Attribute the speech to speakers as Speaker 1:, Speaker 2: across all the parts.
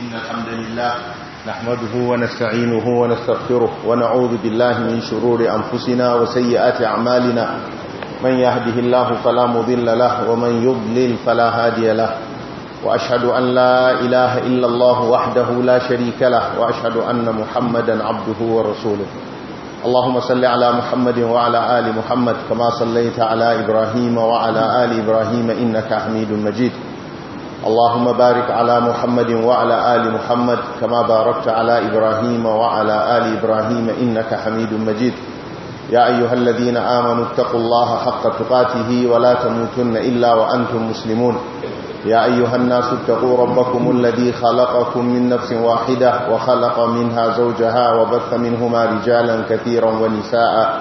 Speaker 1: إن الحمد لله نحمده ونستعينه ونستغفره ونعوذ بالله من شرور أنفسنا وسيئات أعمالنا من يهده الله فلا مضل له ومن يضلل فلا هادي له وأشهد أن لا إله إلا الله وحده لا شريك له وأشهد أن محمدا عبده ورسوله اللهم صل على محمد وعلى آل محمد كما صليت على إبراهيم وعلى آل إبراهيم إنك حميد مجيد اللهم بارك على محمد وعلى آل محمد كما باركت على إبراهيم وعلى آل إبراهيم إنك حميد مجيد يا أيها الذين آمنوا اتقوا الله حق تقاته ولا تموتن إلا وأنتم مسلمون يا أيها الناس اتقوا ربكم الذي خلقكم من نفس واحدة وخلق منها زوجها وبث منهما رجالا كثيرا ونساء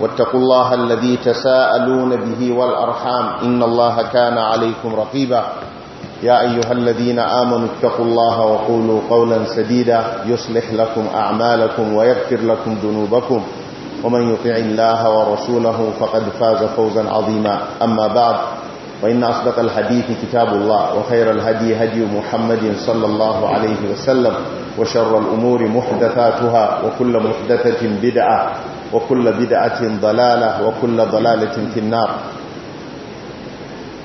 Speaker 1: واتقوا الله الذي تساءلون به والأرحام إن الله كان عليكم رقيبا يا أيها الذين آمنوا اتقوا الله وقولوا قولا سديدا يصلح لكم أعمالكم ويغفر لكم ذنوبكم ومن يطع الله ورسوله فقد فاز فوزا عظيما أما بعد وإن أصدق الحديث كتاب الله وخير الهدي هدي محمد صلى الله عليه وسلم وشر الأمور محدثاتها وكل محدثة بدعة وكل بدعة ضلالة وكل ضلالة في النار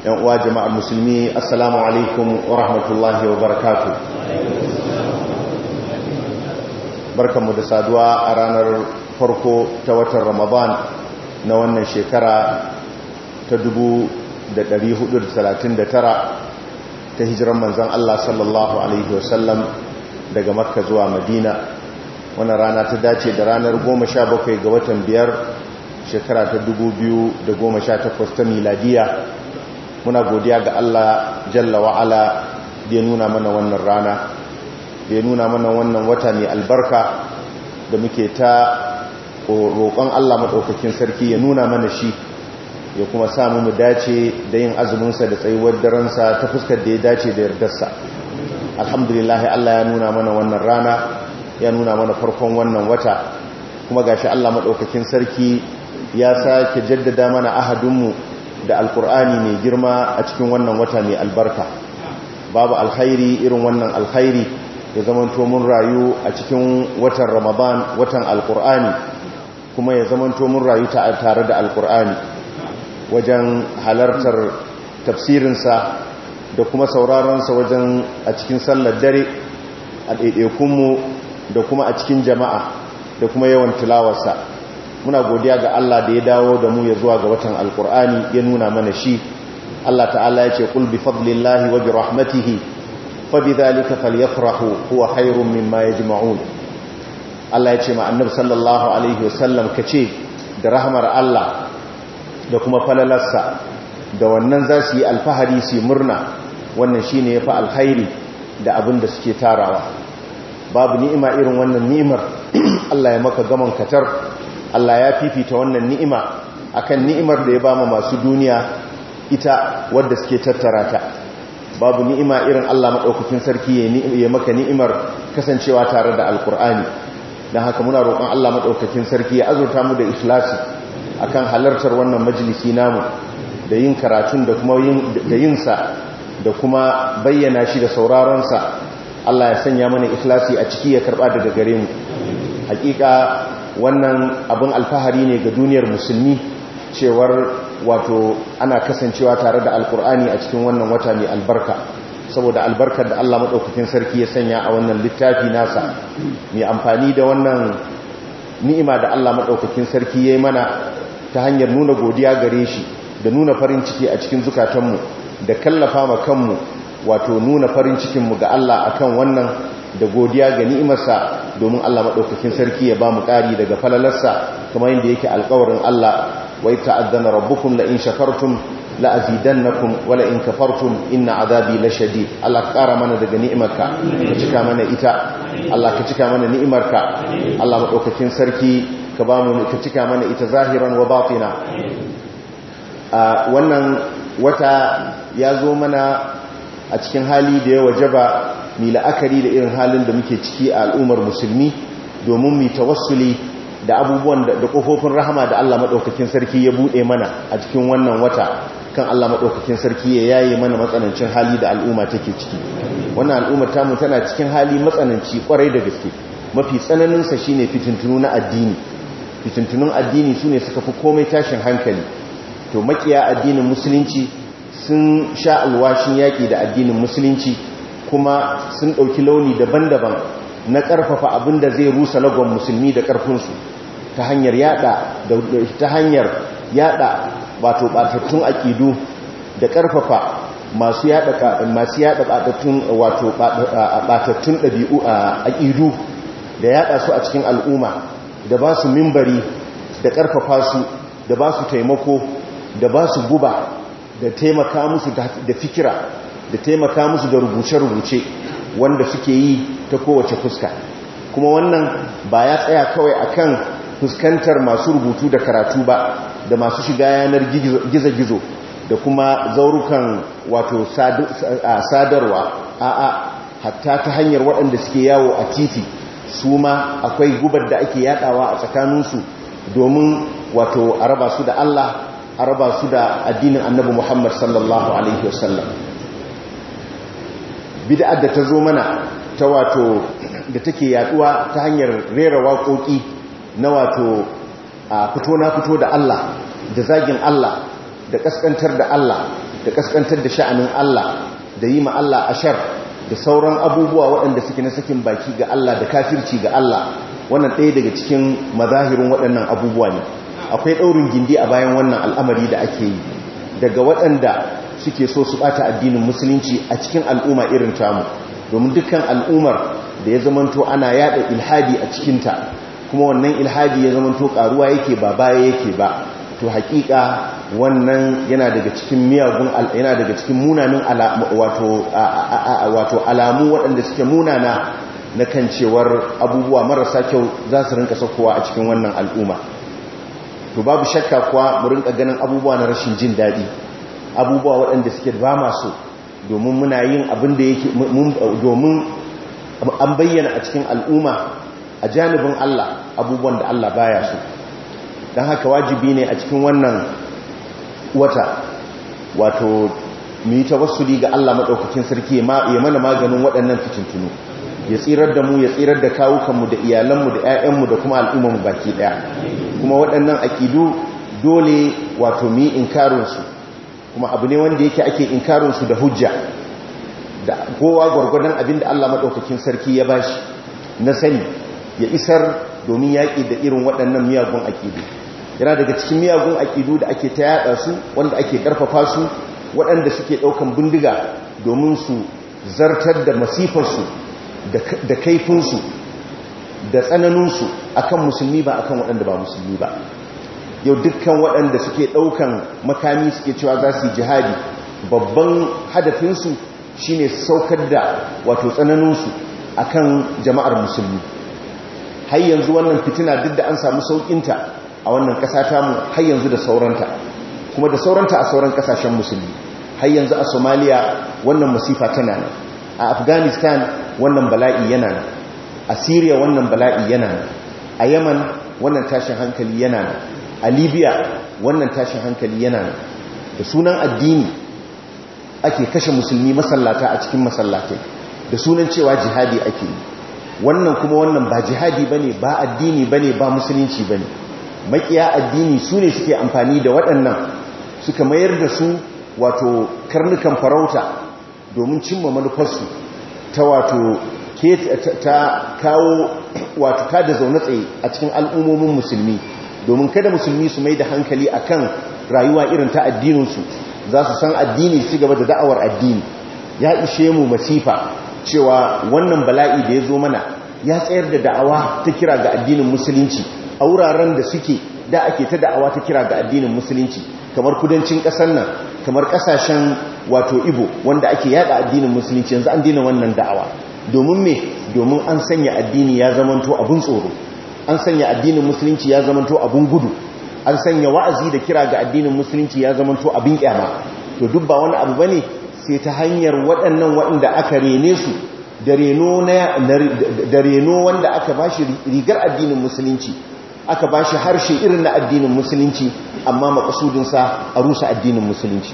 Speaker 1: yan uwa jama'ar musulmi assalamu alaikum wa rahmatullahi wa barakatu barkanmu da saduwa a ranar farko ta watan ramadan na wannan shekara ta tara ta hijiran manzan Allah sallallahu alaihi wasallam daga makka zuwa madina wannan rana ta dace da ranar 17 ga watan biyar shekara ta 2018 ta miladiya muna godiya ga Allah jalla wa'ala da ya nuna mana wannan rana da ya nuna mana wannan wata mai albarka da muke ta roƙon Allah maɗaukakin sarki ya nuna mana shi ya kuma samu mu dace da yin azuminsa da tsayuwar daransa ta fuskar da ya dace da yardarsa alhamdulillah Allah ya nuna mana wannan rana ya nuna mana farkon wannan wata kuma gashi Allah maɗaukakin sarki ya sake jaddada mana ahadunmu da alkur'ani mai girma a cikin wannan wata mai albarka babu alkhairi irin wannan alkhairi ya zamanto mun rayu a cikin watan ramadan watan alkur'ani kuma ya zamanto mun rayu tare da alkur'ani wajen halartar tafsirinsa da kuma sauraronsa wajen a cikin sallar dare a ɗaiɗaikunmu da kuma a cikin jama'a da kuma yawan tilawarsa muna godiya ga Allah da ya dawo da mu ya zuwa ga watan alkur'ani ya nuna mana shi Allah ta'ala ya ce kul bi fadlillahi wa bi rahmatihi fa bi dhalika falyafrahu huwa khairum mimma yajma'un Allah ya ce ma annabi sallallahu alaihi wasallam kace da rahmar Allah da kuma falalarsa da wannan za su yi alfahari su murna wannan shine yafi alkhairi da abin da suke tarawa babu ni'ima irin wannan ni'imar Allah ya maka gaman katar Allah ya fifita wannan ni'ima akan ni'imar da ya bama masu duniya ita wadda suke tattara ta babu ni'ima irin Allah maɗaukakin sarki ya maka ni'imar kasancewa tare da alkur'ani don haka muna roƙon Allah maɗaukakin sarki ya azurta mu da ikhlasi akan halartar wannan majalisi namu da yin karatun da kuma da yinsa da kuma bayyana shi da sauraronsa Allah ya sanya mana ikhlasi a ciki ya karɓa daga gare mu hakika wannan abin alfahari ne ga duniyar musulmi cewar wato ana kasancewa tare da alkur'ani a cikin wannan wata mai albarka saboda albarkar da Allah maɗaukakin sarki ya sanya a wannan littafi nasa mai amfani da wannan ni'ima da Allah maɗaukakin sarki ya yi mana ta hanyar nuna godiya gare shi da nuna farin ciki a cikin zukatanmu da kallafa ma kanmu wato nuna farin cikinmu ga Allah akan wannan da godiya ga ni'imarsa domin Allah madaukakin sarki ya ba mu ƙari daga falalarsa kamar yadda yake alƙawarin Allah wai ta'azzana rabbukum la in shakartum la azidannakum wa la in kafartum inna azabi lashadid Allah ka ƙara mana daga ni'imarka ka cika mana ita Allah ka cika mana ni'imarka Allah madaukakin sarki ka ba mu ka cika mana ita zahiran wa batina wannan wata ya zo mana a cikin hali da ya wajaba mai la'akari da irin halin da muke ciki a al'ummar musulmi domin mai tawassuli da abubuwan da kofofin rahama da Allah maɗaukakin sarki ya buɗe mana a cikin wannan wata kan Allah maɗaukakin sarki ya yaye mana matsanancin hali da al'umma take ciki wannan al'ummar ta mu tana cikin hali matsananci kwarai da gaske mafi tsananinsa shine fitintunu na addini fitintunun addini su ne suka fi komai tashin hankali to makiya addinin musulunci sun sha alwashin yaƙi da addinin musulunci kuma sun ɗauki launi daban-daban na ƙarfafa abin da zai rusa lagon musulmi da ƙarfinsu ta hanyar yada ta wato ɓatattun aƙidu da ƙarfafa masu yada ɓatattun ɓatattun ɗabi'u a aƙidu da yada su a cikin al'umma da ba su mimbari da ƙarfafa su da ba su taimako da ba su guba da taimaka musu da fikira da taimaka musu da rubuce-rubuce wanda suke yi ta kowace fuska kuma wannan ba ya tsaya kawai akan fuskantar masu rubutu da karatu ba da masu shiga yanar gizo-gizo da kuma zaurukan wato sadarwa a'a hatta ta hanyar waɗanda suke yawo a titi su ma akwai gubar da ake yadawa a tsakaninsu domin wato a raba su da Allah a raba su da addinin annabi Muhammad sallallahu alaihi wasallam bid'ar da ta zo mana ta wato da take yaduwa ta hanyar rera waƙoƙi na wato a fito na fito da Allah da zagin Allah da kaskantar da Allah da kaskantar da sha'anin Allah da yi ma Allah ashar da sauran abubuwa waɗanda suke na sakin baki ga Allah da kafirci ga Allah wannan ɗaya daga cikin mazahirin waɗannan abubuwa ne akwai ɗaurin gindi a bayan wannan al'amari da ake yi daga waɗanda suke so su bata addinin musulunci a cikin al'umma irin tamu domin dukkan al'ummar da ya zamanto ana yada ilhadi a cikinta kuma wannan ilhadi ya zamanto karuwa yake ba baya yake ba to hakika wannan yana daga cikin miyagun yana daga cikin munanan wato wato alamu waɗanda suke munana na kan cewar abubuwa marasa kyau za su rinka saukowa a cikin wannan al'umma to babu shakka kuwa mu rinka ganin abubuwa na rashin jin daɗi abubuwa waɗanda suke ba masu domin muna yin abin da yake domin an bayyana a cikin al'umma a janibin Allah abubuwan da Allah baya su don haka wajibi ne a cikin wannan wata wato mu yi tawassuli ga Allah maɗaukakin sarki ya mana maganin waɗannan fitintunu ya tsirar da mu ya tsirar da kawukanmu da iyalanmu da 'ya'yanmu da kuma mu baki ɗaya kuma waɗannan aƙidu dole wato mu yi inkarinsu kuma abu ne wanda yake ake inkarinsu da hujja da kowa gwargwadon abin da Allah maɗaukakin sarki ya bashi na sani ya isar domin yaƙi da irin waɗannan miyagun aƙidu yana daga cikin miyagun aƙidu da ake ta yaɗa su wanda ake ƙarfafa su waɗanda suke ɗaukan bindiga domin su zartar da masifarsu da kaifinsu da tsananinsu akan musulmi ba akan waɗanda ba musulmi ba yau dukkan waɗanda suke ɗaukan makami suke cewa za su yi jihadi babban hadafinsu shine saukar da wato tsananinsu kan jama'ar musulmi har yanzu wannan fitina duk da an samu saukinta a wannan ƙasa tamu har yanzu da sauranta kuma da sauranta a sauran ƙasashen musulmi har yanzu a somaliya wannan masifa tana nan a afghanistan wannan bala'i yana nan a syria wannan bala'i yana nan a yaman wannan tashin hankali yana nan a libya wannan tashin hankali yana nan da sunan addini ake kashe musulmi masallata a cikin masallatai da sunan cewa jihadi ake yi wannan kuma wannan ba jihadi bane ba addini bane ba musulunci bane makiya addini su ne suke amfani da waɗannan suka mayar da su wato karnukan farauta domin cimma manufarsu ta wato ke ta kawo wato ta da zaune tsaye a cikin al'ummomin musulmi domin kada musulmi su mai da hankali kan rayuwa irin ta addininsu za su san addini su gaba da da'awar addini ya ishe mu masifa cewa wannan bala'i da ya zo mana ya tsayar da da'awa ta kira ga addinin musulunci a wuraren da suke da ake ta da'awa ta kira ga addinin musulunci kamar kudancin ƙasar nan kamar ƙasashen wato ibo wanda ake yada addinin musulunci yanzu an dina wannan da'awa domin me domin an sanya addini ya zamanto abin tsoro an sanya addinin musulunci ya zamanto abun gudu an sanya wa'azi da kira ga addinin musulunci ya zamanto abin kyama to duk ba wani abu bane sai ta hanyar waɗannan waɗanda aka rene su da reno wanda aka bashi rigar addinin musulunci aka bashi harshe irin na addinin musulunci amma makasudinsa a rusa addinin musulunci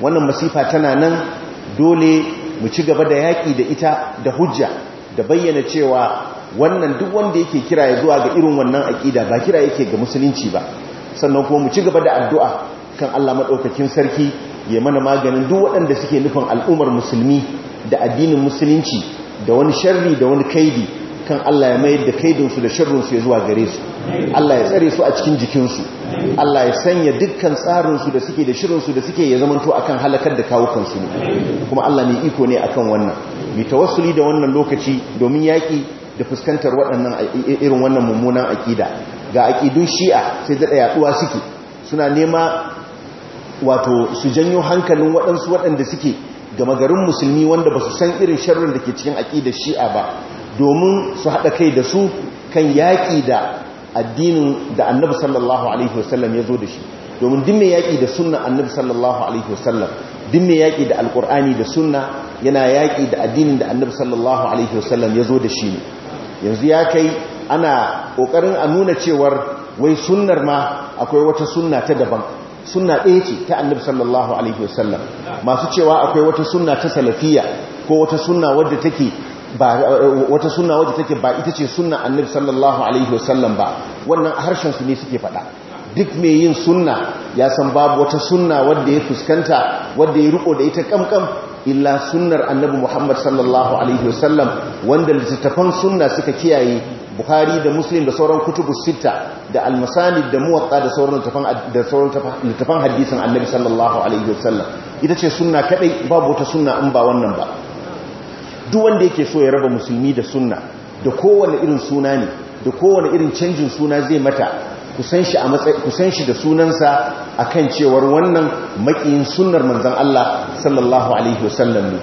Speaker 1: wannan masifa tana nan dole mu ci gaba da yaƙi da ita da hujja da bayyana cewa wannan duk wanda yake kira ya zuwa ga irin wannan aƙida ba kira yake ga musulunci ba sannan kuma mu ci gaba da addu'a kan Allah maɗaukakin sarki ya mana maganin duk waɗanda suke nufin al'ummar musulmi da addinin musulunci da wani sharri da wani kaidi kan Allah ya mayar da kaidin kaidinsu da su ya zuwa gare su Allah ya tsare su a cikin jikin su Allah ya sanya dukkan tsarinsu da suke da shirinsu da suke ya zamanto akan halakar da kawukansu ne kuma Allah ne iko ne akan wannan mai tawassuli da wannan lokaci domin yaƙi da fuskantar waɗannan irin wannan mummunan aƙida ga aƙidun shi'a sai daɗa yaɗuwa suke suna nema wato su janyo hankalin waɗansu waɗanda suke gama garin musulmi wanda ba su san irin sharrin da ke cikin aƙidar shi'a ba domin su haɗa kai da su kan yaƙi da addinin da annabi sallallahu alaihi wasallam ya zo da shi domin din mai yaƙi da sunna annabi sallallahu alaihi wasallam din mai yaƙi da alƙur'ani da sunna yana yaƙi da addinin da annabi sallallahu alaihi wasallam ya zo da shi ne yanzu ya kai ana ƙoƙarin a nuna cewar wai sunnar ma akwai wata sunna ta daban sunna ɗaya ce ta annabi sallallahu alaihi wasallam masu cewa akwai wata sunna ta salafiya ko wata sunna wadda take ba wata sunna wadda take ba ita ce sunna annabi sallallahu alaihi wasallam ba wannan harshen su ne suke faɗa duk mai yin sunna ya san babu wata sunna wadda ya fuskanta wadda ya riko da ita kamkam illa sunnar annabi Muhammad sallallahu alaihi wasallam wanda littattafan sunna suka kiyaye Bukhari da Muslim da sauran kutubu sita da Al-Masanid da Muwatta da sauran littafan da sauran littafan hadisin Annabi sallallahu alaihi wasallam ita ce sunna kadai babu wata sunna in ba wannan ba duk wanda yake so ya raba musulmi da sunna da kowane irin suna ne da kowane irin canjin suna zai mata ku san shi da sunansa a kan cewar wannan makiyin sunnar manzan Allah sallallahu alaihi wasallam ne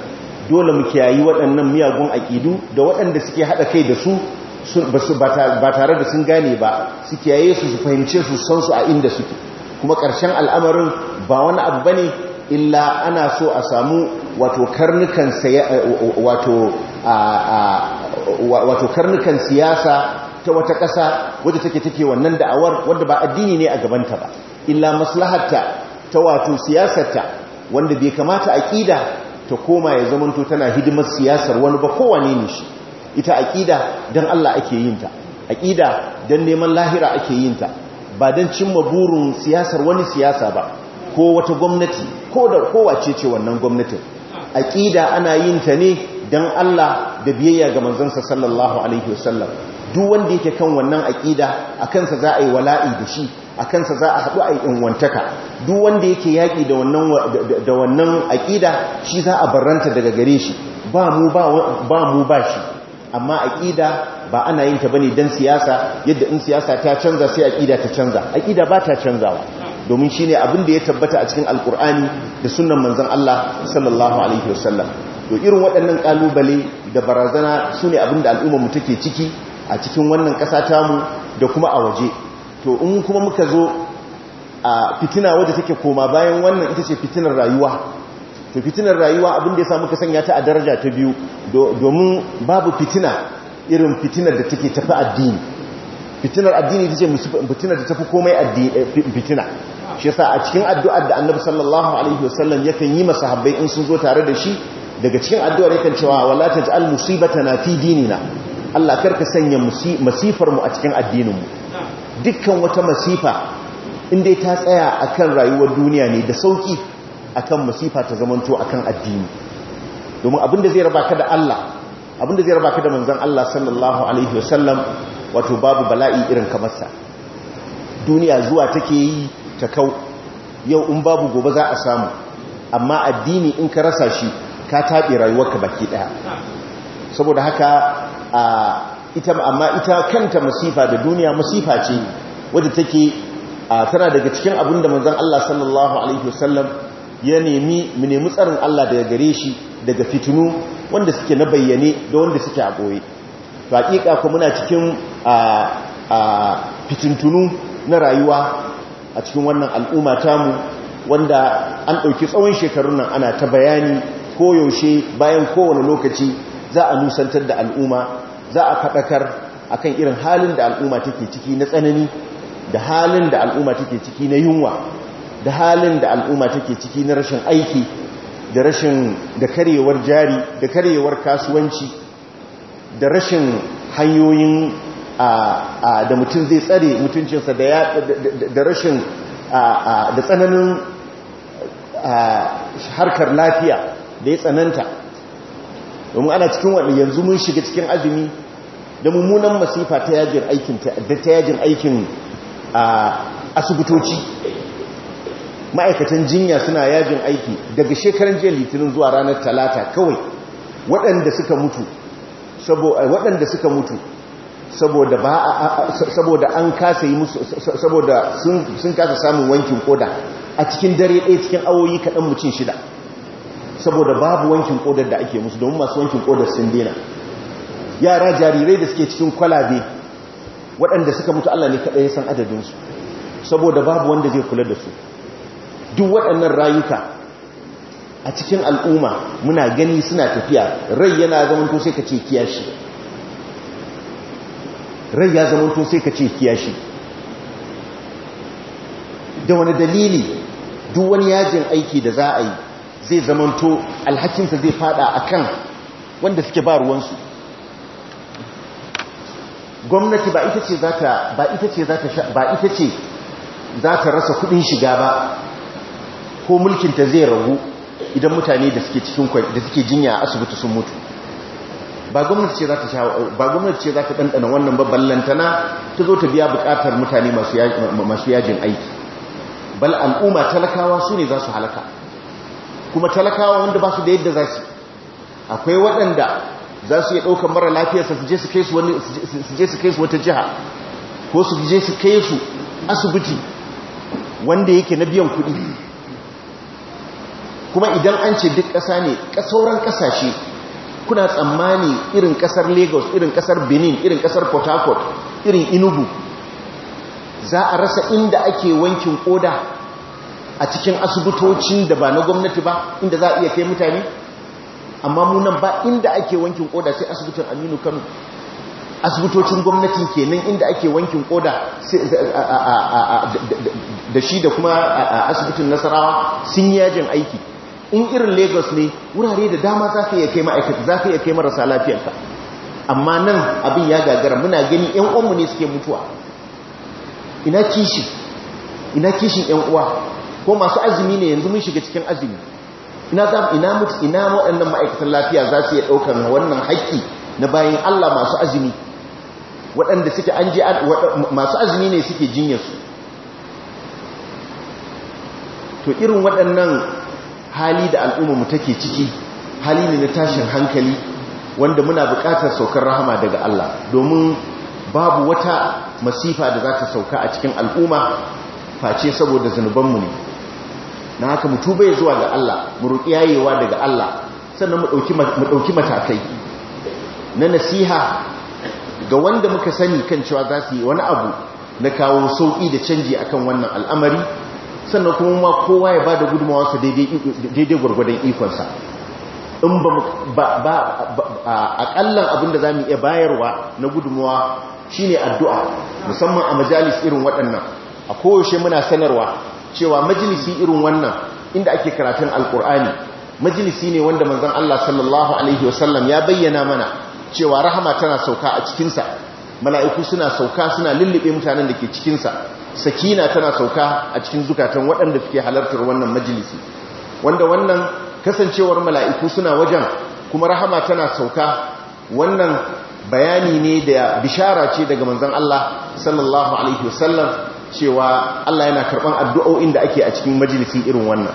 Speaker 1: dole mu kiyayi waɗannan miyagun aƙidu da waɗanda suke haɗa kai da su ba tare da sun gane ba su kiyaye su su fahimce su san su a inda suke kuma ƙarshen al'amarin ba wani abu ba ne illa ana so a samu wato karnukan siyasa ta wata ƙasa wadda take take wannan da'awar wadda ba addini ne a gabanta ba illa maslahatta ta wato siyasarta wanda bai kamata aƙida ta koma ya zamanto tana hidimar siyasar wani ba kowane ne shi ita aƙida don Allah ake yin ta aƙida don neman lahira ake yin ta ba dan cimma burin siyasar wani siyasa ba ko wata gwamnati ko da kowace ce wannan gwamnatin aƙida ana yin ta ne dan Allah da biyayya ga manzansa sallallahu alaihi wasallam duk wanda yake kan wannan aƙida a kansa za a yi wala'i da shi a kansa za a haɗu a yi inwantaka duk wanda yake yaƙi da wannan aƙida shi za a barranta daga gare shi ba mu ba shi amma aƙida ba ana yin ta bane don siyasa yadda in siyasa ta canza sai aƙida ta canza aƙida ba ta canzawa domin shi ne abin da ya tabbata a cikin alkur'ani da sunan manzon Allah sallallahu alaihi wasallam to irin waɗannan ƙalubale da barazana sune abin da al'ummar mu take ciki a cikin wannan ƙasa mu da kuma a waje to in kuma muka zo a fitina wadda take koma bayan wannan ita ce fitinar rayuwa to fitinar rayuwa abinda ya sa muka sanya ta a daraja ta biyu domin babu fitina irin fitinar da take tafi addini fitinar addini ita ce fitinar da tafi komai eh, fitina shi yasa a cikin addu'ar da annabi sallallahu alaihi wasallam yakan yi masahabbai in sun zo tare da shi daga cikin addu'ar yakan cewa wala taj'al musibatana fi dinina Allah karka sanya masifar mu a cikin addininmu dukkan wata masifa inda ta tsaya akan rayuwar duniya ne da sauki akan masifa ta zamanto akan addini domin abinda zai raba ka da Allah abinda zai raba ka da manzon Allah sallallahu alaihi wasallam wato babu bala'i irin kamar sa duniya zuwa take yi ta kau yau in babu gobe za a samu amma addini in ka rasa shi ka tabi rayuwarka baki ɗaya saboda haka ita amma ita kanta masifa da duniya masifa ce wadda take tana daga cikin abin da manzon Allah sallallahu alaihi wasallam ya nemi mu nemi tsarin Allah daga gare shi daga fitinu wanda suke na bayyane da wanda suke a goye to hakika ko muna cikin fitintunu na rayuwa a cikin wannan al'umma mu wanda an ɗauki tsawon shekarun nan ana ta bayani koyaushe bayan kowane lokaci za a nusantar da al'umma za a faɗakar kan irin halin da al'umma take ciki na tsanani da halin da al'umma take ciki na yunwa da halin da al'umma take ciki na rashin aiki da rashin da karyewar jari da karyewar kasuwanci da rashin hanyoyin da mutum zai tsare mutuncinsa da rashin da tsananin harkar lafiya da ya tsananta domin ana cikin wani yanzu mun shiga cikin azumi da mummunan masifa ta yajin aikin ta yajin aikin a asibitoci ma'aikatan jinya suna yajin aiki daga shekaran jiya litinin zuwa ranar talata kawai waɗanda suka mutu eh, waɗanda suka mutu saboda saboda an kasa yi musu saboda sun kasa samun wankin koda a cikin dare ɗaya cikin awoyi kaɗan mutum shida saboda babu wankin kodar da ake musu domin masu wankin kodar sun dena yara jarirai da suke cikin kwalabe waɗanda suka mutu Allah ne kaɗai san adadinsu saboda babu wanda zai kula da su duk waɗannan rayuka a cikin al'umma muna gani suna tafiya rai yana zamanto sai ka ce kiyashi rai ya zamanto sai ka ce kiyashi da wani dalili duk wani yajin aiki da za a yi zai zamanto alhakinsa zai fada a kan wanda suke ba ruwansu gwamnati ba ita ce za ta rasa kudin shiga ba ko mulkinta zai ragu idan mutane da suke cikin da suke jinya a asibiti sun mutu ba gwamnati ce za ta sha ba gwamnati ta dandana wannan babban lantana ta zo ta biya bukatar mutane masu yajin aiki bal al'umma talakawa su ne za su halaka kuma talakawa wanda ba su da yadda za su akwai waɗanda za su iya ɗaukar mara lafiyarsa su je su kai su wata jiha ko su je su kai su asibiti wanda yake na biyan kuɗi kuma idan an ce duk ƙasa ne ƙasauran ƙasashe kuna tsammani irin ƙasar lagos irin ƙasar benin irin ƙasar port harcourt irin inugu za a rasa inda ake wankin ƙoda a cikin asibitoci da ba na gwamnati ba inda za a iya kai mutane amma munan ba inda ake wankin koda sai asibitin aminu kano asibitocin gwamnatin nan inda ake wankin koda da shi da kuma asibitin nasarawa sun yajin aiki in irin lagos ne wurare da dama za ka iya kai ma'aikata za ka iya kai marasa lafiyarka amma nan abin ya gagara muna gani 'yan uwanmu ne suke mutuwa ina kishi ina kishin 'yan uwa ko masu azumi ne yanzu mun shiga cikin azumi ina za ina mutu ina waɗannan ma'aikatan lafiya za su iya ɗaukar wannan haƙƙi na bayan Allah masu azumi waɗanda suke an je masu azumi ne suke jinyarsu to irin waɗannan hali da al'umma mu take ciki hali ne na tashin hankali wanda muna buƙatar saukar rahama daga Allah domin babu wata masifa da za ta sauka a cikin al'umma face saboda zunubanmu ne na haka mu tuba zuwa ga Allah mu roƙi yayewa daga Allah sannan mu ɗauki matakai na nasiha ga wanda muka sani kan cewa za su yi wani abu na kawo sauƙi da canji akan wannan al'amari sannan kuma ma kowa ya ba da sa daidai gwargwadon ikonsa in ba ba abin da za mu iya bayarwa na gudunmawa shine addu'a musamman a majalis irin waɗannan a koyaushe muna sanarwa cewa majalisi irin wannan inda ake karatun alkur'ani majalisi ne wanda manzon Allah sallallahu alaihi wasallam ya bayyana mana cewa rahama tana sauka a cikinsa mala'iku suna sauka suna lullube mutanen da ke cikinsa sakina tana sauka a cikin zukatan waɗanda suke halartar wannan majalisi wanda wannan kasancewar mala'iku suna wajen kuma rahama tana sauka wannan bayani ne da bishara ce daga manzon Allah sallallahu alaihi wasallam cewa Allah yana karban addu'o'in da ake a cikin majalisin irin wannan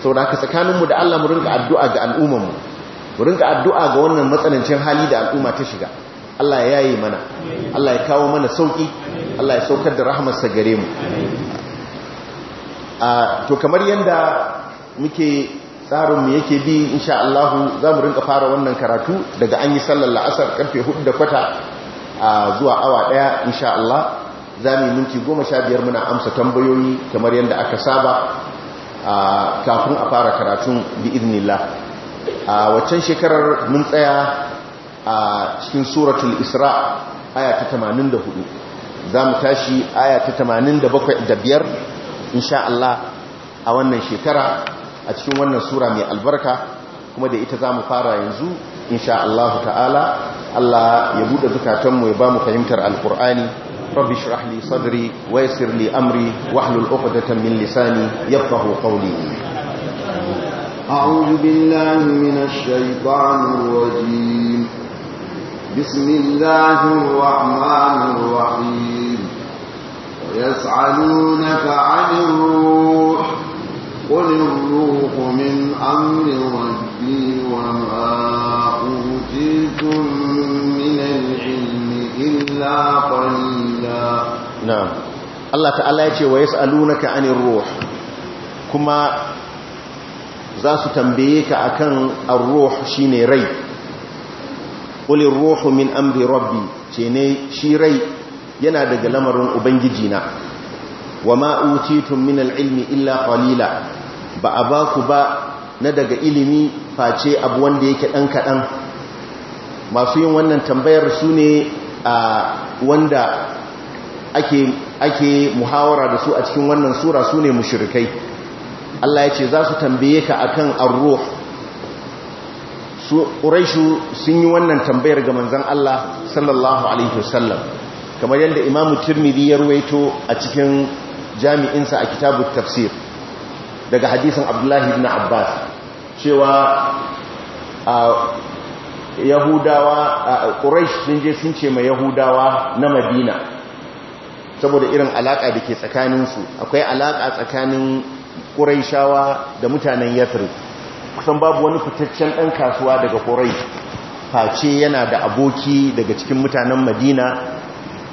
Speaker 1: saboda haka tsakaninmu da Allah mu rinka addu'a ga al'ummar mu mu rinka addu'a ga wannan matsanancin hali da al'umma ta shiga Allah ya yaye mana Allah ya kawo mana sauki Allah ya saukar da sa gare mu a to kamar yanda muke tsarin mu yake bi insha Allah za mu rinka fara wannan karatu daga an yi sallar la'asar karfe hudu da kwata zuwa awa ɗaya insha Allah za mu yi minti goma sha biyar muna amsa tambayoyi kamar yadda aka saba kafin a fara karatun bi iznillah a waccan shekarar mun tsaya a cikin suratul isra aya ta 84 za mu tashi aya ta 85 insha Allah a wannan shekara a cikin wannan sura mai albarka kuma da ita za mu fara yanzu insha Allah ta'ala Allah ya buɗe zukatanmu ya ba mu fahimtar alkur'ani رب اشرح لي صدري ويسر لي أمري واحلل عقدة من لساني يفقه قولي
Speaker 2: أعوذ بالله من الشيطان الرجيم بسم الله الرحمن الرحيم ويسألونك عن الروح قل الروح من أمر ربي وما أوتيتم
Speaker 1: من العلم إلا قليلا na'am Allah ta'ala ya ce wa ka 'anir ruh kuma za su tambaye ka akan ruwa shi ne rai ƙulin ruhu min amri rabbi ce ne shi rai yana daga lamarin ubangiji na Wa utitum min al’ilmi ilmi illa qalila ba a ba ku ba na daga ilimi face abu wanda yake ɗan kaɗan? masu yin wannan tambayar su ne a wanda ake ake muhawara da su a cikin wannan sura su ne mushrikai Allah ya ce za su tambaye ka akan ar-ruh su quraishu sun yi wannan tambayar ga manzon Allah sallallahu alaihi wasallam kamar yadda Imam Tirmidhi ya ruwaito a cikin jami'insa a kitabut tafsir daga hadisin Abdullah ibn Abbas cewa yahudawa quraish sun je sun ce ma yahudawa na Madina saboda irin alaƙa da ke tsakaninsu akwai alaƙa tsakanin ƙuraishawa da mutanen yathrib kusan babu wani fitaccen ɗan kasuwa daga ƙuraish face yana da aboki daga cikin mutanen madina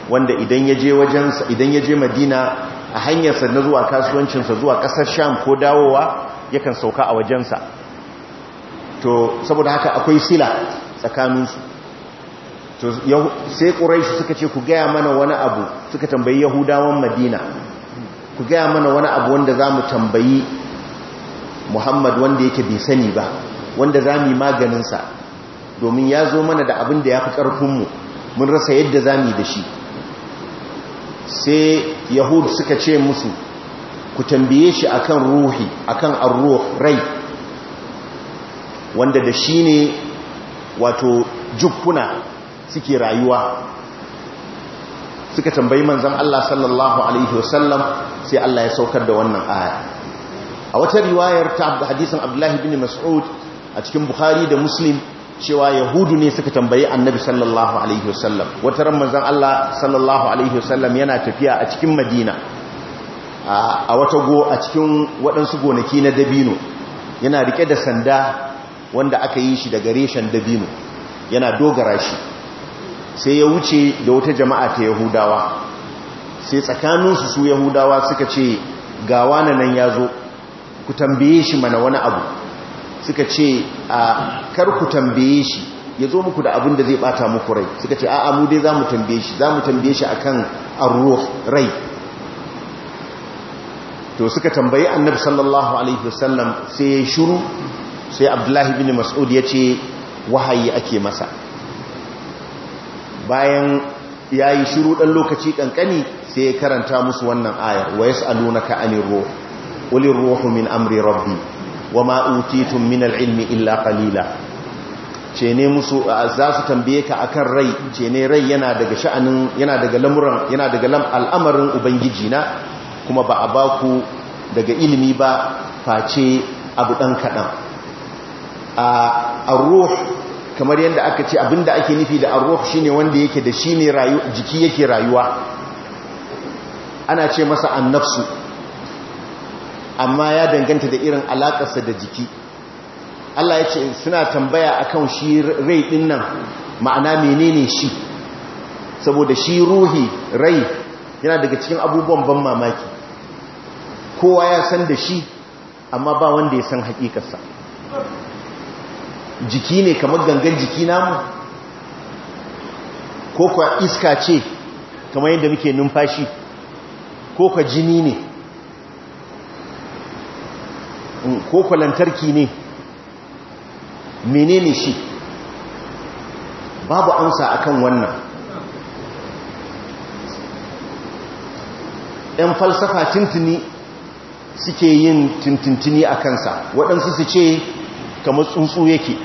Speaker 1: wanda idan ya je wajensa idan ya je madina a hanyarsa na zuwa kasuwancinsa zuwa ƙasar sham ko dawowa yakan sauka a wajensa to saboda haka akwai sila tsakaninsu to sai quraish suka ce ku gaya mana wani abu suka tambayi yahudawan madina ku gaya mana wani abu wanda za mu tambayi muhammad wanda yake bai sani ba wanda za mu yi maganin domin ya zo mana da abin da ya fi ƙarfinmu mun rasa yadda za mu yi da shi sai yahud suka ce musu ku tambaye shi akan ruhi akan rai wanda da shi ne wato jukkuna suke rayuwa suka tambayi manzan Allah sallallahu alaihi wasallam sai Allah ya saukar da wannan aya a wata riwayar ta da hadisun abdullahi bin mas'ud a cikin bukhari da muslim cewa yahudu ne suka tambayi annabi sallallahu alaihi wasallam wata ran manzan Allah sallallahu alaihi wasallam yana tafiya a cikin madina a wata go a cikin waɗansu gonaki na dabino yana rike da sanda wanda aka yi shi daga reshen dabino yana dogara shi sai ya wuce da wata jama'a ta yahudawa sai tsakaninsu su yahudawa suka ce ga wani nan ya zo ku tambaye shi mana wani abu suka ce a kar ku tambaye shi ya zo muku da abin da zai bata muku rai suka ce a'a mu dai za mu tambaye shi za mu tambaye shi akan arruh rai to suka tambayi annabi sallallahu alaihi wasallam sai ya shiru sai abdullahi bin mas'ud ya ce wahayi ake masa bayan ya yi shiru ɗan lokaci ƙanƙani sai ya karanta musu wannan ayar wa ya sa'alu na ka'anin ruhu ƙulin ruhu min amri rabbi wa ma'utitun min al'ilmi illa ƙalila ce ne musu za su tambaye ka a kan rai ce ne rai yana daga sha'anin yana daga lamuran yana daga al'amarin ubangiji na kuma ba a baku daga ilimi ba face abu ɗan kaɗan a ruhu kamar yadda aka ce abinda ake nufi da arruh shine wanda yake da shine jiki yake rayuwa ana ce masa annafsu amma ya danganta da irin alakarsa da jiki Allah ya ce suna tambaya akan shi rai din nan ma'ana menene shi saboda shi ruhi rai yana daga cikin abubuwan ban mamaki kowa ya san da shi amma ba wanda ya san hakikarsa jiki ne kamar gangan jiki namu ko kwa iska ce kamar yadda muke numfashi ko kwa jini ne ko kwa lantarki ne menene shi babu amsa akan wannan ‘yan falsafa tintini suke yin tintintini a kansa waɗansu su ce kamar tsuntsu yake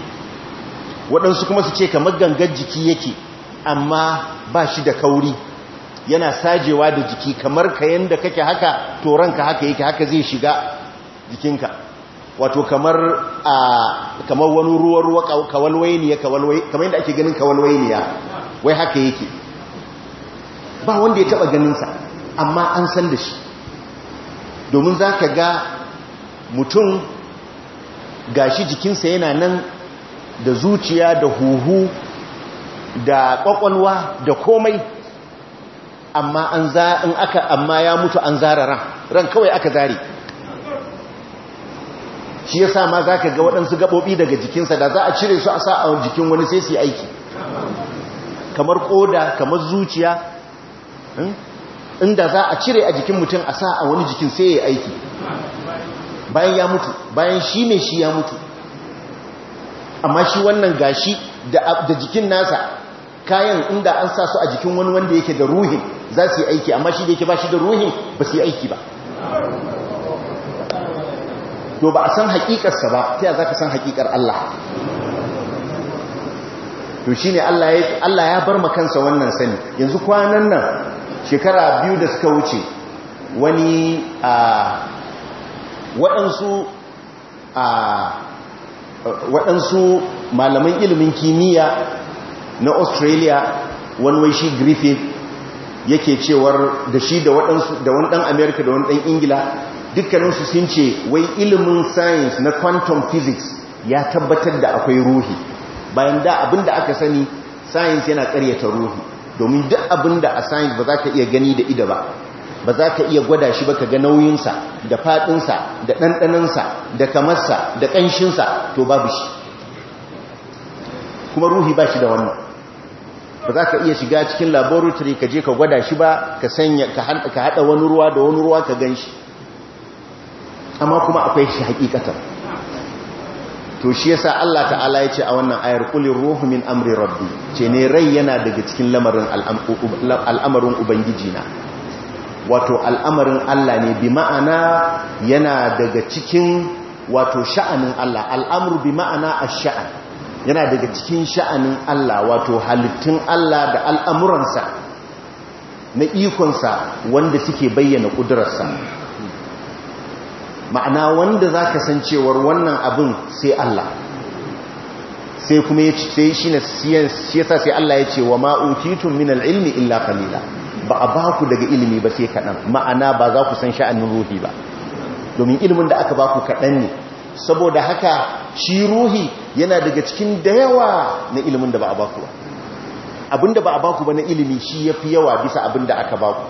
Speaker 1: waɗansu kuma su ce kamar gangar jiki yake amma ba shi da kauri yana sajewa da jiki kamar ka yanda kake haka to ranka haka yake haka zai shiga jikinka wato kamar a kamar wani ruwa ruwa kawalwainiya kawalwai kamar yadda ake ganin kawalwainiya wai haka yake ba wanda ya taba ganinsa amma an san da shi domin za ka ga mutum Ga shi jikinsa yana nan da zuciya da huhu da kwakwalwa da komai amma an za in aka amma ya mutu an zara ran ran kawai aka zare shi yasa ma zaka ga waɗansu gabobi daga jikinsa da za a cire su a sa a jikin wani sai su aiki kamar koda kamar zuciya hmm? inda za a cire a jikin mutum a sa a wani jikin sai ya aiki bayan ya mutu bayan shi ne shi ya mutu amma shi wannan gashi da jikin nasa kayan inda an sa su a jikin wani wanda yake da ruhin za su yi aiki amma shi da yake ba shi da ruhin ba su yi aiki ba to ba a san hakikarsa ba ta a za ka san hakikar Allah to shi ne Allah ya bar makansa wannan sani yanzu kwanan nan shekara biyu da suka wuce wani a ah, waɗansu malaman ilimin kimiyya na australia wani wai shi griffith yake cewar da shi da waɗansu da wani ɗan america da wani ɗan ingila dukkaninsu sun ce wai ilimin science na quantum physics ya tabbatar da akwai ruhi bayan da abin da aka sani science yana karyata ruhi domin duk abinda a science ba za ka iya gani da ida ba ba za ka iya gwada shi ba ka ga nauyinsa da fadinsa da ɗanɗaninsa da kamarsa da ƙanshinsa to babu shi kuma ruhi ba shi da wannan ba za ka iya shiga cikin laboratory ka je ka gwada shi ba ka sanya ka haɗa wani ruwa da wani ruwa ka gan shi amma kuma akwai shi haƙiƙatar to shi yasa Allah ta'ala ya ce a wannan ayar kulin ruhu min amri rabbi ce ne rai yana daga cikin lamarin al'amarin ubangiji na wato al'amarin Allah ne bi ma'ana yana daga cikin wato sha'anin Allah al'amur bi ma'ana a sha'an yana daga cikin sha'anin Allah wato halittun Allah da al'amuransa na ikonsa wanda suke bayyana ƙudurarsa ma'ana wanda za ka san cewar wannan abin sai Allah sai kuma ya ce shi ne siyasa sai Allah ya ce wa ma’ukitun min ilmi illa kalila ba a ba ku daga ilimi ba sai kaɗan ma'ana ba za ku san sha'anin ruhi ba domin ilimin da aka ba ku kaɗan ne saboda haka shi ruhi yana daga cikin da yawa na ilimin da ba a ba ku ba abinda ba a ba ku ba na ilimi shi ya fi yawa bisa abin da aka ba ku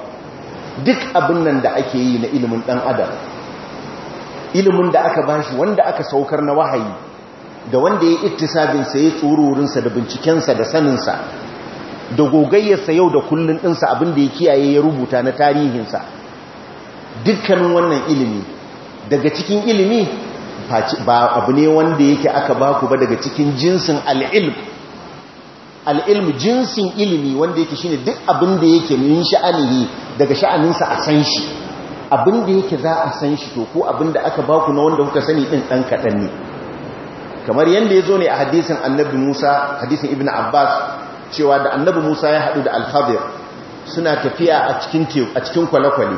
Speaker 1: duk abin nan da ake yi na ilimin ɗan adam ilimin da aka bashi wanda aka saukar na wahayi da wanda ya yi ittisabinsa ya tsururinsa da bincikensa da saninsa da gogayyarsa yau da kullun ɗinsa abinda ya kiyaye ya rubuta na tarihinsa dukkanin wannan ilimi daga cikin ilimi ba abu ne wanda yake aka baku ba daga cikin jinsin al'ilm al'ilm jinsin ilimi wanda yake shine duk abinda yake min sha'anihi daga sha'aninsa a san shi abinda yake za a san shi to ko abinda aka baku na wanda kuka sani ɗin ɗan kaɗan ne kamar yadda ya zo ne a hadisin annabi musa hadisin ibn abbas cewa da annabi Musa ya haɗu da alhadir suna tafiya a cikin kwale-kwale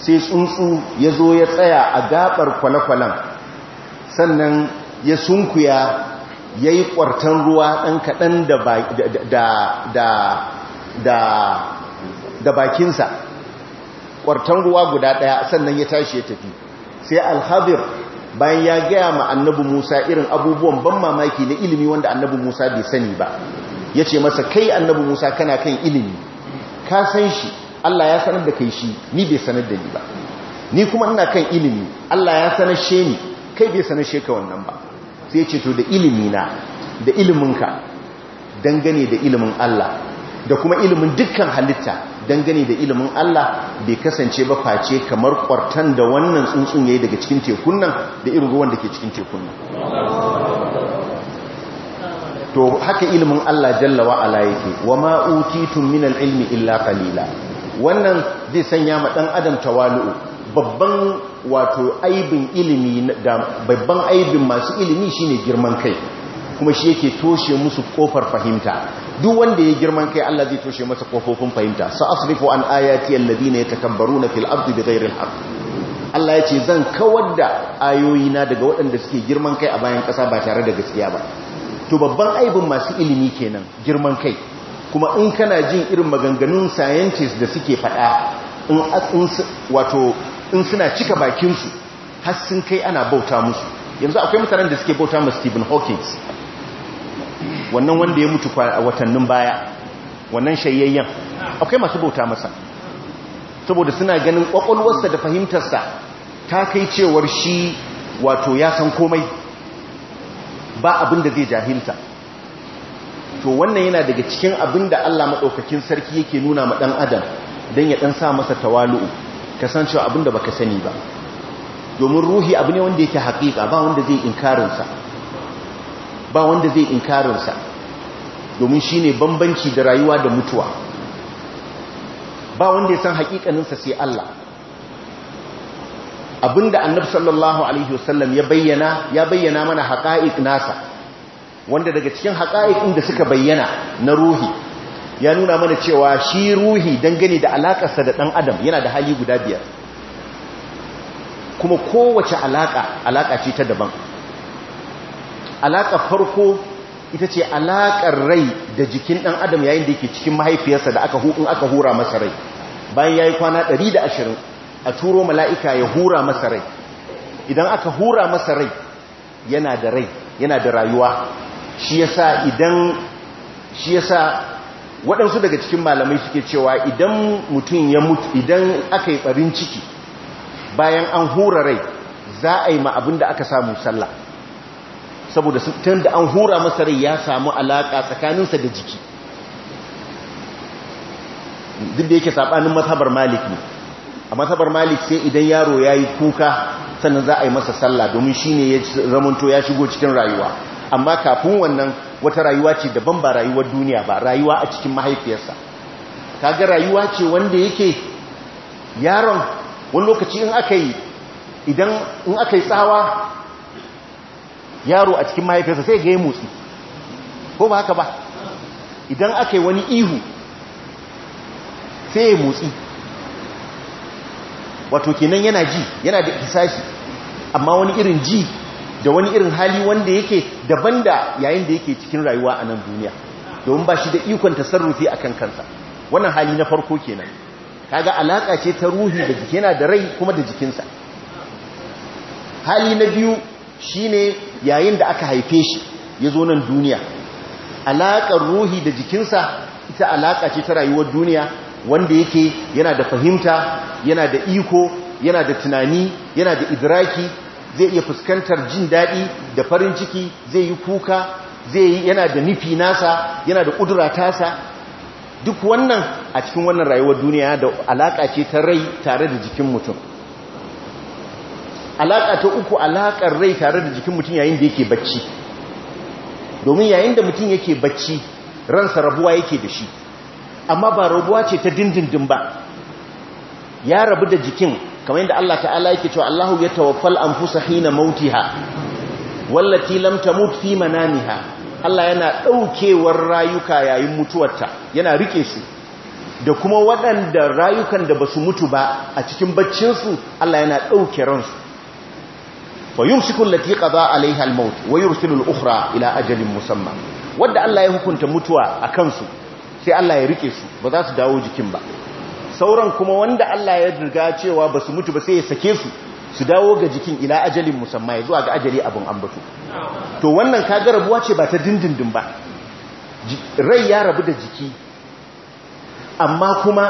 Speaker 1: sai tsuntsu ya zo ya tsaya a gabar kwale-kwalen sannan ya sunkuya ya yi ƙwartan ruwa ɗan kaɗan da bakinsa ƙwartan ruwa guda ɗaya sannan ya tashi ya tafi sai alhabir bayan ya gaya ma annabi musa irin abubuwan ban mamaki na ilimi wanda annabi musa bai sani ba ya ce masa kai annabi musa kana kan ilimi ka san shi allah ya sanar da kai shi ni bai sanar da ni ba ni kuma ina kan ilimi allah ya sanar she ni kai bai sanar she ka wannan ba sai ce to da ilimi na da iliminka dangane da ilimin allah da kuma ilimin dukkan halitta dangane da ilimin Allah bai kasance ba face kamar kwartan da wannan tsuntsun yayi daga cikin tekun nan da irin ruwan da ke cikin tekun nan to haka ilimin Allah jalla wa ala yake wa ma utitum min al-ilmi illa qalila wannan zai sanya ma dan adam tawalu babban wato aibin ilimi da babban aibin masu ilimi shine girman kai kuma shi yake toshe musu kofar fahimta duk wanda ya girman kai Allah zai toshe masa kofofin fahimta sa asrifu an ayati alladhina yatakabbaruna fil ardi al-haq Allah ya ce zan kawar da ayoyina daga waɗanda suke girman kai a bayan ƙasa ba tare da gaskiya ba to babban aibin masu ilimi kenan girman kai kuma in kana jin irin maganganun scientists da suke faɗa in wato in suna cika bakinsu har sun kai ana bauta musu yanzu akwai mutanen da suke bauta musu stephen hawking wannan wanda ya mutu watannin baya wannan shayayyen akwai masu bauta masa saboda suna ganin kwakwalwarsa da fahimtarsa ta kai cewar shi wato ya san komai ba abin da zai jahilta to wannan yana daga cikin abin da Allah maɗaukakin sarki yake nuna ma ɗan adam dan ya ɗan sa masa tawalu'u kasancewa abin da baka sani ba domin ruhi abu ne wanda yake haƙiƙa ba wanda zai sa, ba wanda zai sa domin shi bambanci da rayuwa da mutuwa ba wanda ya san haƙiƙaninsa sai Allah abinda annabi sallallahu alaihi wasallam ya bayyana ya bayyana mana haqa'iq nasa wanda daga cikin haqa'iqin da suka bayyana na ruhi ya nuna mana cewa shi ruhi dangane da alakarsa da dan adam yana da hali guda biyar kuma kowace alaka alaka ce ta daban alaka farko ita ce alakar rai da jikin dan adam yayin da yake cikin mahaifiyarsa da aka aka hura masa rai bayan yayi kwana 120 a turo mala'ika ya hura masa rai idan aka hura masa rai yana da rai yana da rayuwa shi yasa idan shi yasa waɗansu daga cikin malamai suke cewa idan mutum ya mutu idan aka yi ɓarin ciki bayan an hura rai za a yi ma abin da aka samu sallah saboda tun da an hura masa rai ya samu alaƙa tsakaninsa da jiki duk da yake saɓanin mazhabar malik ne a matsabar malik sai idan yaro ya yi kuka sannan za a yi masa sallah domin shi ne ya zamanto ya shigo cikin rayuwa amma kafin wannan wata rayuwa ce daban ba rayuwar duniya ba rayuwa a cikin mahaifiyarsa kaga rayuwa ce wanda yake yaron wani lokaci in aka yi idan in aka yi tsawa yaro a cikin mahaifiyarsa sai ga ya motsi ko ba haka ba idan aka yi wani ihu sai ya motsi wato kenan yana ji yana da hisashi amma wani irin ji da wani irin hali wanda yake daban da yayin da yake cikin rayuwa a nan duniya domin ba shi da ikon tasarrufi a kan kansa wannan hali na farko kenan kaga alaka ce ta ruhi da jiki yana da rai kuma da jikinsa hali na biyu shine yayin da aka haife shi ya zo nan duniya alaƙar ruhi da jikinsa ita alaƙa ce ta rayuwar duniya wanda yake yana da fahimta yana da iko yana da tunani yana da idraki zai iya fuskantar jin daɗi da farin ciki zai yi kuka zai yi yana da nufi nasa yana da ƙudura tasa duk wannan a cikin wannan rayuwar duniya da alaƙa ce ta rai tare da jikin mutum alaƙa ta uku alaƙar rai tare da jikin mutum yayin da yake bacci domin yayin da mutum yake bacci ransa rabuwa yake da shi amma ba rabuwa ce ta dindindin ba ya rabu da jikin kamar yadda Allah ta'ala yake cewa Allahu ya tawaffal anfusa hina mautiha wallati lam tamut fi manamiha Allah yana daukewar rayuka yayin mutuwarta yana rike su da kuma waɗanda rayukan da basu mutu ba a cikin baccin su Allah yana dauke ransu fa yumsiku allati qada alaiha almaut wa yursilu alukhra ila ajalin musamma wanda Allah ya hukunta mutuwa akan su sai Allah ya rike su ba za su dawo jikin ba sauran kuma wanda Allah ya riga cewa ba su mutu ba sai ya sake su su dawo ga jikin ila ajalin musamman zuwa ga ajali abin ambatu to wannan kaga rabuwa ce ba ta dindindin ba rai ya rabu da jiki amma kuma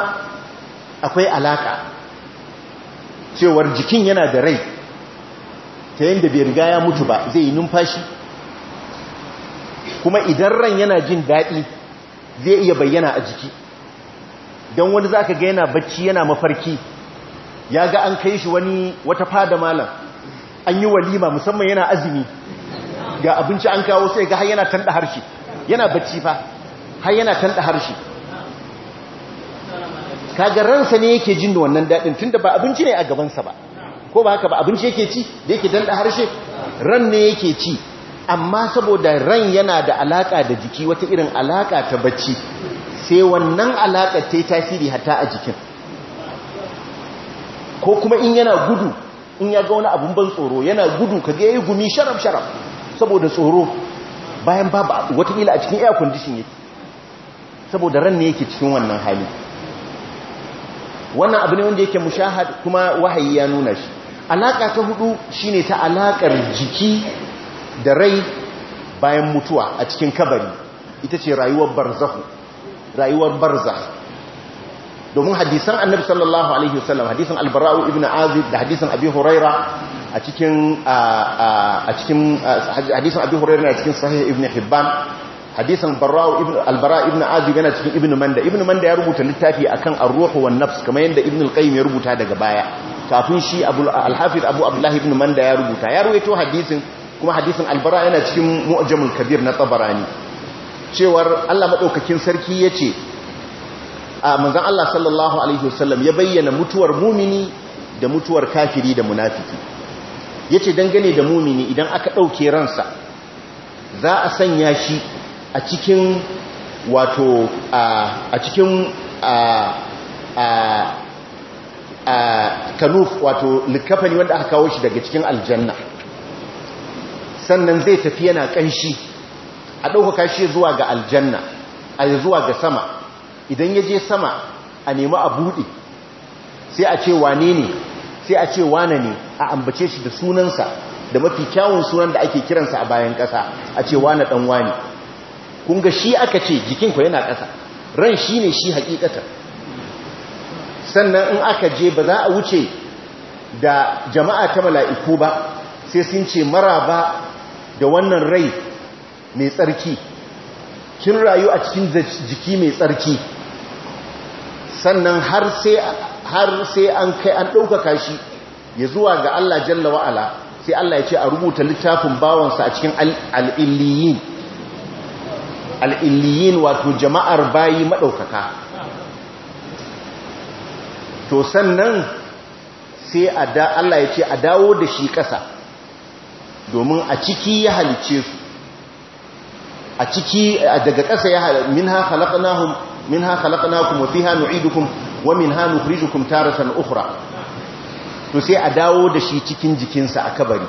Speaker 1: akwai alaka cewar jikin yana da rai ta yadda bai riga ya mutu ba zai yi numfashi kuma idan ran yana jin daɗi zai iya bayyana a jiki don wani za ka ga yana bacci yana mafarki ya ga an kai shi wani wata fada malam an yi walima musamman yana azumi ga abinci an kawo sai ga yana tanda harshe yana bacci fa har yana tanda harshe kaga ransa ne yake jin da wannan daɗin tunda ba abinci ne a gabansa ba ko ba haka ba abinci yake ci da yake tanɗa harshe ran ne yake ci amma saboda ran yana da alaka da jiki wata irin alaka ta bacci sai wannan alaka ta yi tasiri hata a jikin ko kuma in yana gudu in ya ga wani ban tsoro yana gudu ka ga yi gumi sharaf sharaf saboda tsoro bayan babu watakila a cikin air condition yake saboda ran ne yake cikin wannan hali wannan abu ne wanda yake mushahad kuma wahayi ya nuna shi alaka ta hudu shine ta alakar jiki da rai bayan mutuwa a cikin kabari ita ce rayuwar barzahu rayuwar barza domin hadisan annabi sallallahu alaihi wasallam hadisan albara'u ibn azib da hadisan abi huraira a cikin a cikin hadisan abi huraira na cikin sahih ibn hibban hadisan barra'u ibn albara ibn azib yana cikin ibn manda ibn manda ya rubuta littafi akan ar-ruhu wan nafs kamar yanda ibn al-qayyim ya rubuta daga baya kafin shi abu al-hafiz abu abdullah ibn manda ya rubuta ya ruwaito hadisin kuma hadisin albara yana cikin mu'jamul kabir na tabarani cewar Allah maɗaukakin sarki ya ce a manzan Allah sallallahu alaihi wasallam ya bayyana mutuwar mumini da mutuwar kafiri da munafiki yace dangane da mumini idan aka ɗauke ransa za a sanya shi a cikin wato a cikin a kanuf wato likafani wanda aka kawo shi daga cikin aljanna sannan zai tafi yana ƙanshi a ɗaukaka shi zuwa ga aljanna a zuwa ga sama idan ya je sama a nemi a buɗe sai a ce wane ne sai a ce wane ne a ambace shi da sunansa da mafi kyawun sunan da ake kiransa a bayan ƙasa a ce wane ɗan wane kun shi aka ce jikin jikinku yana ƙasa ran shi ne shi hakikata sannan in aka je ba za a wuce da jama'a ta mala'iku ba sai sun ce mara ba. da wannan rai mai tsarki kin rayu a cikin jiki mai tsarki sannan har sai an kai an ɗaukaka shi ya zuwa ga Allah jalla wa'ala sai Allah ya ce a rubuta littafin bawansa a cikin al'illiyin al'illiyin wato jama'ar bayi maɗaukaka to sannan sai Allah ya ce a dawo da shi ƙasa domin a ciki ya halice su a ciki daga ƙasa ya halice min ha minha ma wa fiha nu'idukum wa minha nukhrijukum taratan ukhra to sai a dawo da shi cikin jikinsa a kabari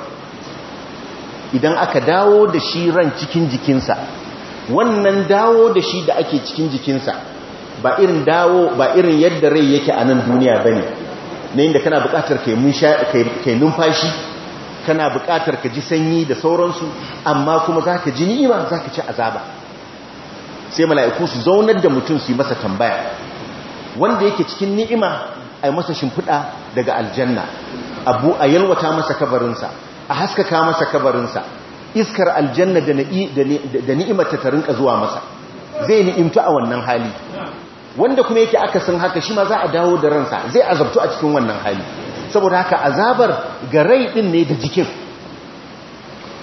Speaker 1: idan aka dawo da shi ran cikin jikinsa wannan dawo da shi da ake cikin jikinsa ba irin dawo ba irin yadda rai yake a nan duniya bane ne inda kana buƙatar kai numfashi kana buƙatar ka ji sanyi da sauransu amma kuma za ka ji ni'ima za ka ci azaba sai mala'iku su zaunar da mutum su yi masa tambaya wanda yake cikin ni'ima a yi masa shimfiɗa daga aljanna abu a yalwata masa kabarinsa a haskaka masa kabarinsa iskar aljanna da ni'imata ta rinka zuwa masa zai ni'imtu a wannan hali wanda kuma yake akasin haka shi ma za a dawo da ransa zai azabtu a cikin wannan hali saboda haka azabar ga rai din ne da jikin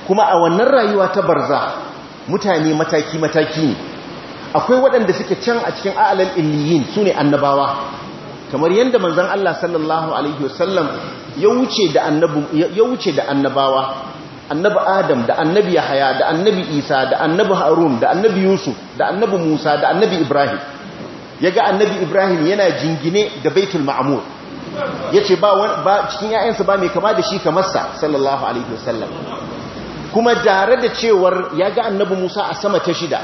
Speaker 1: kuma a wannan rayuwa ta barza mutane mataki-mataki ne akwai waɗanda suke can a cikin a'alal illiyin su ne annabawa kamar yadda manzan Allah sallallahu Alaihi wasallam ya wuce da annabawa annabi adam da annabi yahaya da annabi isa da annabi harun da annabi yusuf da annabi musa da annabi ibrahim ya ga annabi ibrahim yana jingine da baitul ma'amur yace ce cikin 'ya'yansa ba mai kama da shi kamar sa sallallahu alaihi wasallam kuma dare da cewar ya ga annabi Musa a sama ta shida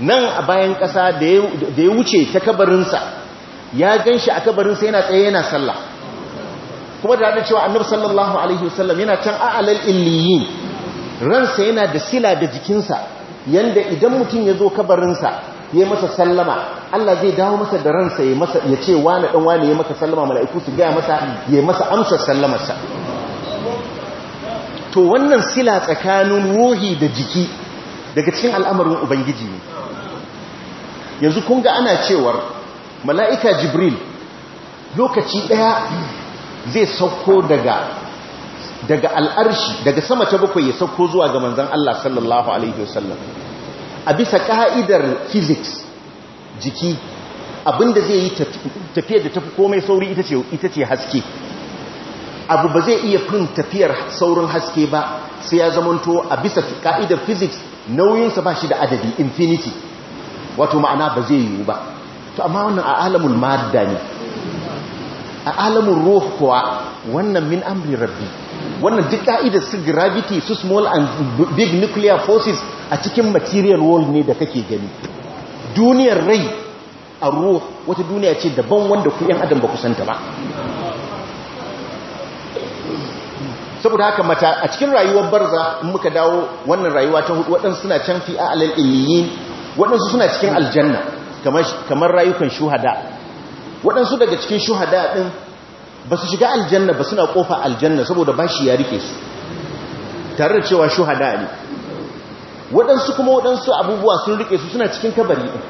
Speaker 1: nan a bayan ƙasa da ya wuce ta kabarinsa ya gan shi a kabarinsa yana tsaye yana sallah kuma da da cewa annabi sallallahu alaihi wasallam yana can a'alal illiyin ransa yana da sila da jikinsa yanda idan mutum ya zo kabarinsa ya masa sallama Allah zai dawo masa da ransa ya ce wani ɗan wani ya masa sallama mala'iku su gaya masa ya masa amsa sallamarsa to wannan sila tsakanin ruhi da jiki daga cikin al'amarin ubangiji ne yanzu kun ga ana cewar mala'ika jibril lokaci ɗaya zai sauko daga daga al'arshi daga sama ta bakwai ya sauko zuwa ga manzan Allah sallallahu Alaihi wasallam a bisa ka'idar physics jiki abinda zai yi tafiyar da tafi komai sauri ita ce haske abu ba zai iya fin tafiyar saurin haske ba sai ya zamanto a bisa ka'idar physics nauyinsa ba shi da adadi infinity wato ma'ana ba zai yiwu ba to amma wannan a alamun madda a alamun ruh kuwa wannan min amri rabbi wannan duk ka'idar su gravity su small and big nuclear forces a cikin material world ne da kake gani duniyar rai a ruh wata duniya ce daban wanda ku 'yan adam ba kusanta ba saboda haka mata a cikin rayuwar barza in muka dawo wannan rayuwa ta hudu waɗansu suna can fi alal iliyin waɗansu suna cikin aljanna kamar rayukan shuhada waɗansu daga cikin shuhada ɗin ba su shiga aljanna ba suna kofa aljanna saboda bashi ya rike su tare da cewa shuhada ne waɗansu kuma waɗansu abubuwa sun rike su suna cikin kabari ɗin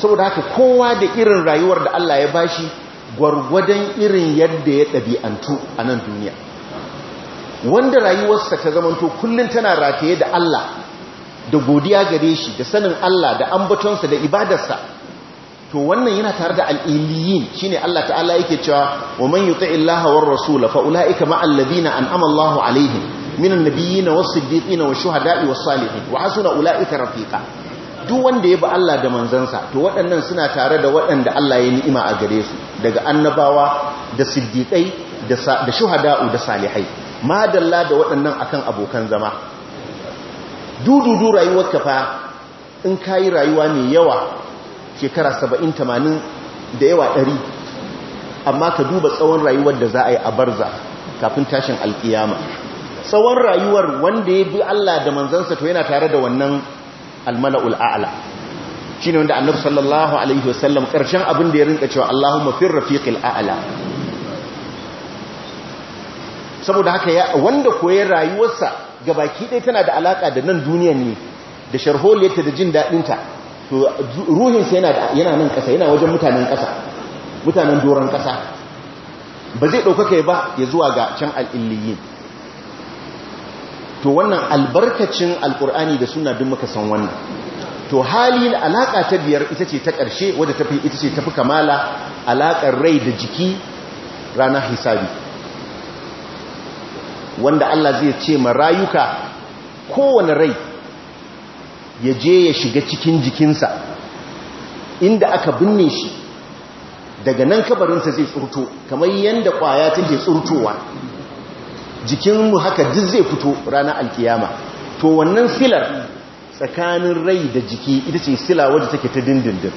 Speaker 1: saboda haka kowa da irin rayuwar da Allah ya bashi gwargwadon irin yadda ya ɗabi'antu a nan duniya wanda rayuwarsa ta zamanto kullum tana rataye da Allah da godiya gare shi da sanin Allah da ambatonsa da ibadarsa to wannan yana tare da al'iliyin shine Allah ta'ala yake cewa wa man yuti illaha war fa ulaika na alladhina an'ama Allahu alaihim minan wasu na na wasu na wasu salihin wa na ulaika rafiƙa. duk wanda ya bi Allah da manzansa to waɗannan suna tare da waɗanda Allah ya ni'ima a gare su daga annabawa da siddiqai da shuhada'u da salihai ma la da waɗannan akan abokan zama dududu rayuwar kafa in kayi rayuwa mai yawa shekara saba'in tamanin da yawa ɗari amma ka duba tsawon rayuwar da za a yi a barza kafin tashin alkiyama tsawon rayuwar wanda ya bi Allah da manzansa to yana tare da wannan almala'ul a'ala shi ne wanda annabu sallallahu alaihi wasallam ƙarshen abin da ya rinka cewa Allahun mafin rafiƙil a'ala saboda haka ya wanda koya rayuwarsa baki ɗaya tana da alaƙa da nan duniya ne da sharholiyarta da jin daɗinta to ruhinsa yana nan kasa yana wajen mutanen kasa mutanen doron kasa ba zai ɗaukaka ba ya zuwa ga can al'illiyin to wannan albarkacin alƙur'ani da suna duk muka san wannan to hali alaƙa ta biyar ita ce ta ƙarshe wadda tafi ita ce tafi kamala alaƙar rai da jiki ranar hisabi wanda Allah zai ce ma rayuka kowane rai ya je ya shiga cikin jikinsa inda aka binne shi daga nan kabarinsa zai tsurto kamar yadda kwaya take tsurtowa jikinmu haka duk zai fito ranar alkiyama to wannan silar tsakanin rai da jiki ita ce sila wadda take ta dindindin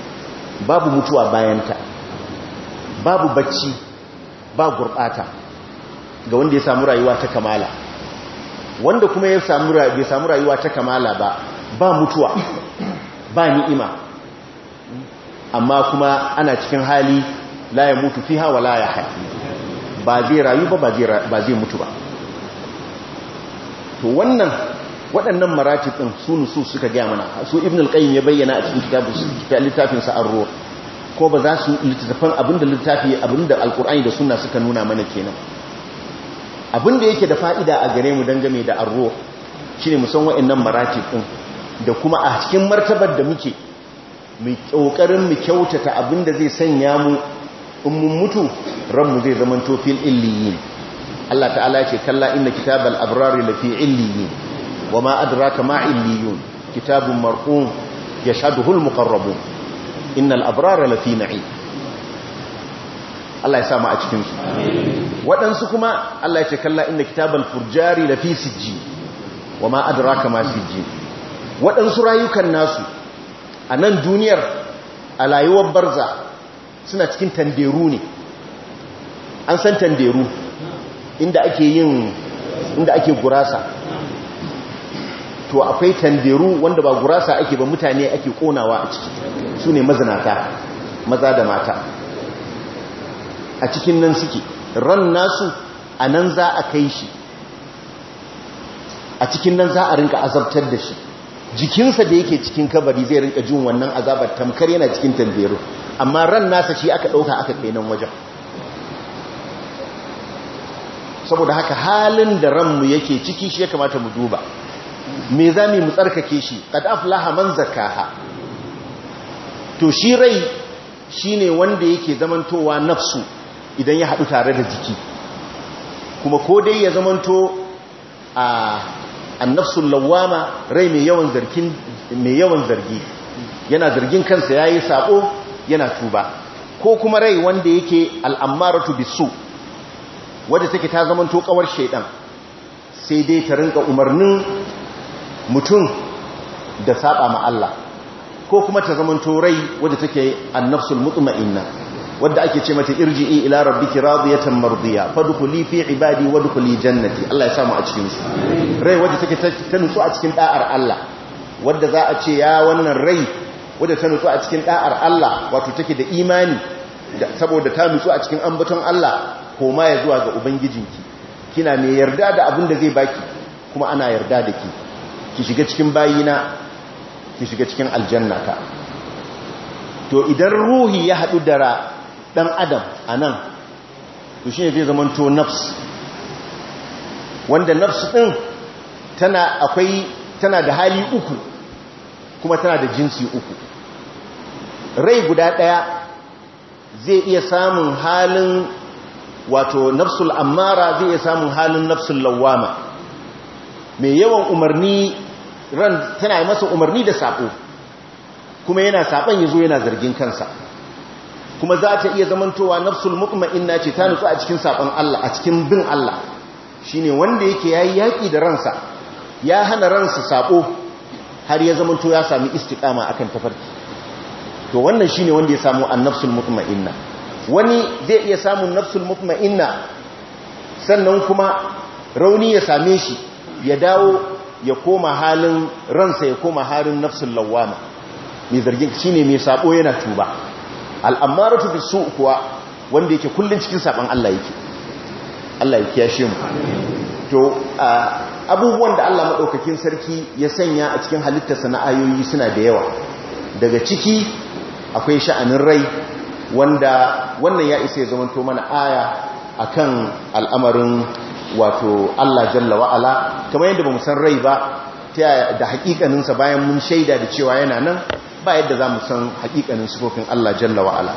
Speaker 1: babu mutuwa bayanta babu bacci ba gurɓata ga wanda ya samu rayuwa ta kamala wanda kuma ya samu rayuwa ta kamala ba ba mutuwa ba ni'ima amma kuma ana cikin hali la ya mutu fiha wa la ya haƙi ba zai rayu ba ba zai mutu ba to wannan waɗannan maratib ɗin su nusu suka gaya mana su ibn al-qayyim ya bayyana a cikin littafin sa ko ba za su littafin abinda littafi abinda alkur'ani da sunna suka nuna mana kenan abinda yake da fa'ida a gare mu dangane da arro shine mu san waɗannan maratib ɗin da kuma a cikin martabar da muke mu kokarin mu kyautata abin da zai sanya mu in mun mutu ranmu zai zama tofin illiyin Allah ta'ala ya ce kalla inna kitabal abrari lafi illiyin wama adraka ma illiyun kitabun marqum yashhaduhu almuqarrabun innal abrara lafi na'im Allah ya sa mu a cikin su waɗansu kuma Allah ya ce kalla inna kitabal furjari lafi sijji wama adraka ma sijji waɗansu rayukan nasu a nan duniyar a layuwar barza suna cikin tanderu ne an san tanderu inda ake yin inda ake gurasa to akwai tanderu wanda ba gurasa ake ba mutane ake konawa a ciki su ne mazinata maza da mata a cikin nan suke ran nasu a nan za a kai shi a cikin nan za a rinka azabtar da shi jikinsa da yake cikin kabari zai rinka jin wannan azabar tamkar yana cikin tambero amma ran nasa shi aka ɗauka aka kai nan wajen saboda haka halin da ranmu yake ciki shi ya kamata mu duba me za mu tsarkake shi qad aflaha man zakaha to shi rai shine wanda yake zamantowa nafsu idan ya haɗu tare da jiki kuma ko dai ya zamanto a ah, annafsul lawama rai mai yawan zargin mai yawan zargi yana zargin kansa yayi sako yana tuba ko kuma rai wanda yake al'ammaratu bisu wadda take ta zamanto kawar shaidan sai dai ta rinka umarnin mutum da saba ma Allah ko kuma ta zamanto rai wadda take annafsul mutma'inna wadda ake ce mata irji'i ila rabbiki radiyatan mardiya fadkhuli fi ibadi wadkhuli jannati Allah ya samu a cikin su rai wadda take ta nutsu a cikin da'ar Allah wadda za a ce ya wannan rai wadda ta nutsu a cikin da'ar Allah wato take da imani saboda ta nutsu a cikin ambaton Allah koma ya zuwa ga ubangijinki kina mai yarda da abin da zai baki kuma ana yarda da ki ki shiga cikin bayina ki shiga cikin aljannata to idan ruhi ya haɗu da dan adam a nan to shi ne zai zamanto nafs wanda nafs ɗin tana akwai tana da hali uku kuma tana da jinsi uku rai guda ɗaya zai iya samun halin wato nafsul ammara zai iya samun halin nafsul lawama mai yawan umarni ran tana masa umarni da sako kuma yana saban yazo yana zargin kansa kuma za ta iya zamantowa nafsul ina ce ta nutsu a cikin saban Allah a cikin bin Allah shi ne wanda yake ya yi yaƙi da ransa ya hana ransa sabo har ya zamanto ya sami istikama akan tafarki to wannan shi ne wanda ya samu an-nafsul ina wani zai iya samun nafsul mutma'inna sannan kuma rauni ya same shi ya dawo ya koma halin ransa ya koma halin nafsul lawwama mai zargin ne mai saɓo yana tuba al'ammaratu fi su kuwa wanda yake kullum cikin saban Allah yake Allah ya shi mu to abubuwan da Allah maɗaukakin sarki ya sanya a cikin halittarsa na ayoyi suna da yawa daga ciki akwai sha'anin rai wanda wannan ya isa ya zamanto mana aya akan al'amarin wato Allah jalla wa'ala kamar yadda ba mu san rai ba ta da hakikaninsa bayan mun shaida da cewa yana nan ba yadda za mu san hakikanin sufofin Allah jalla wa'ala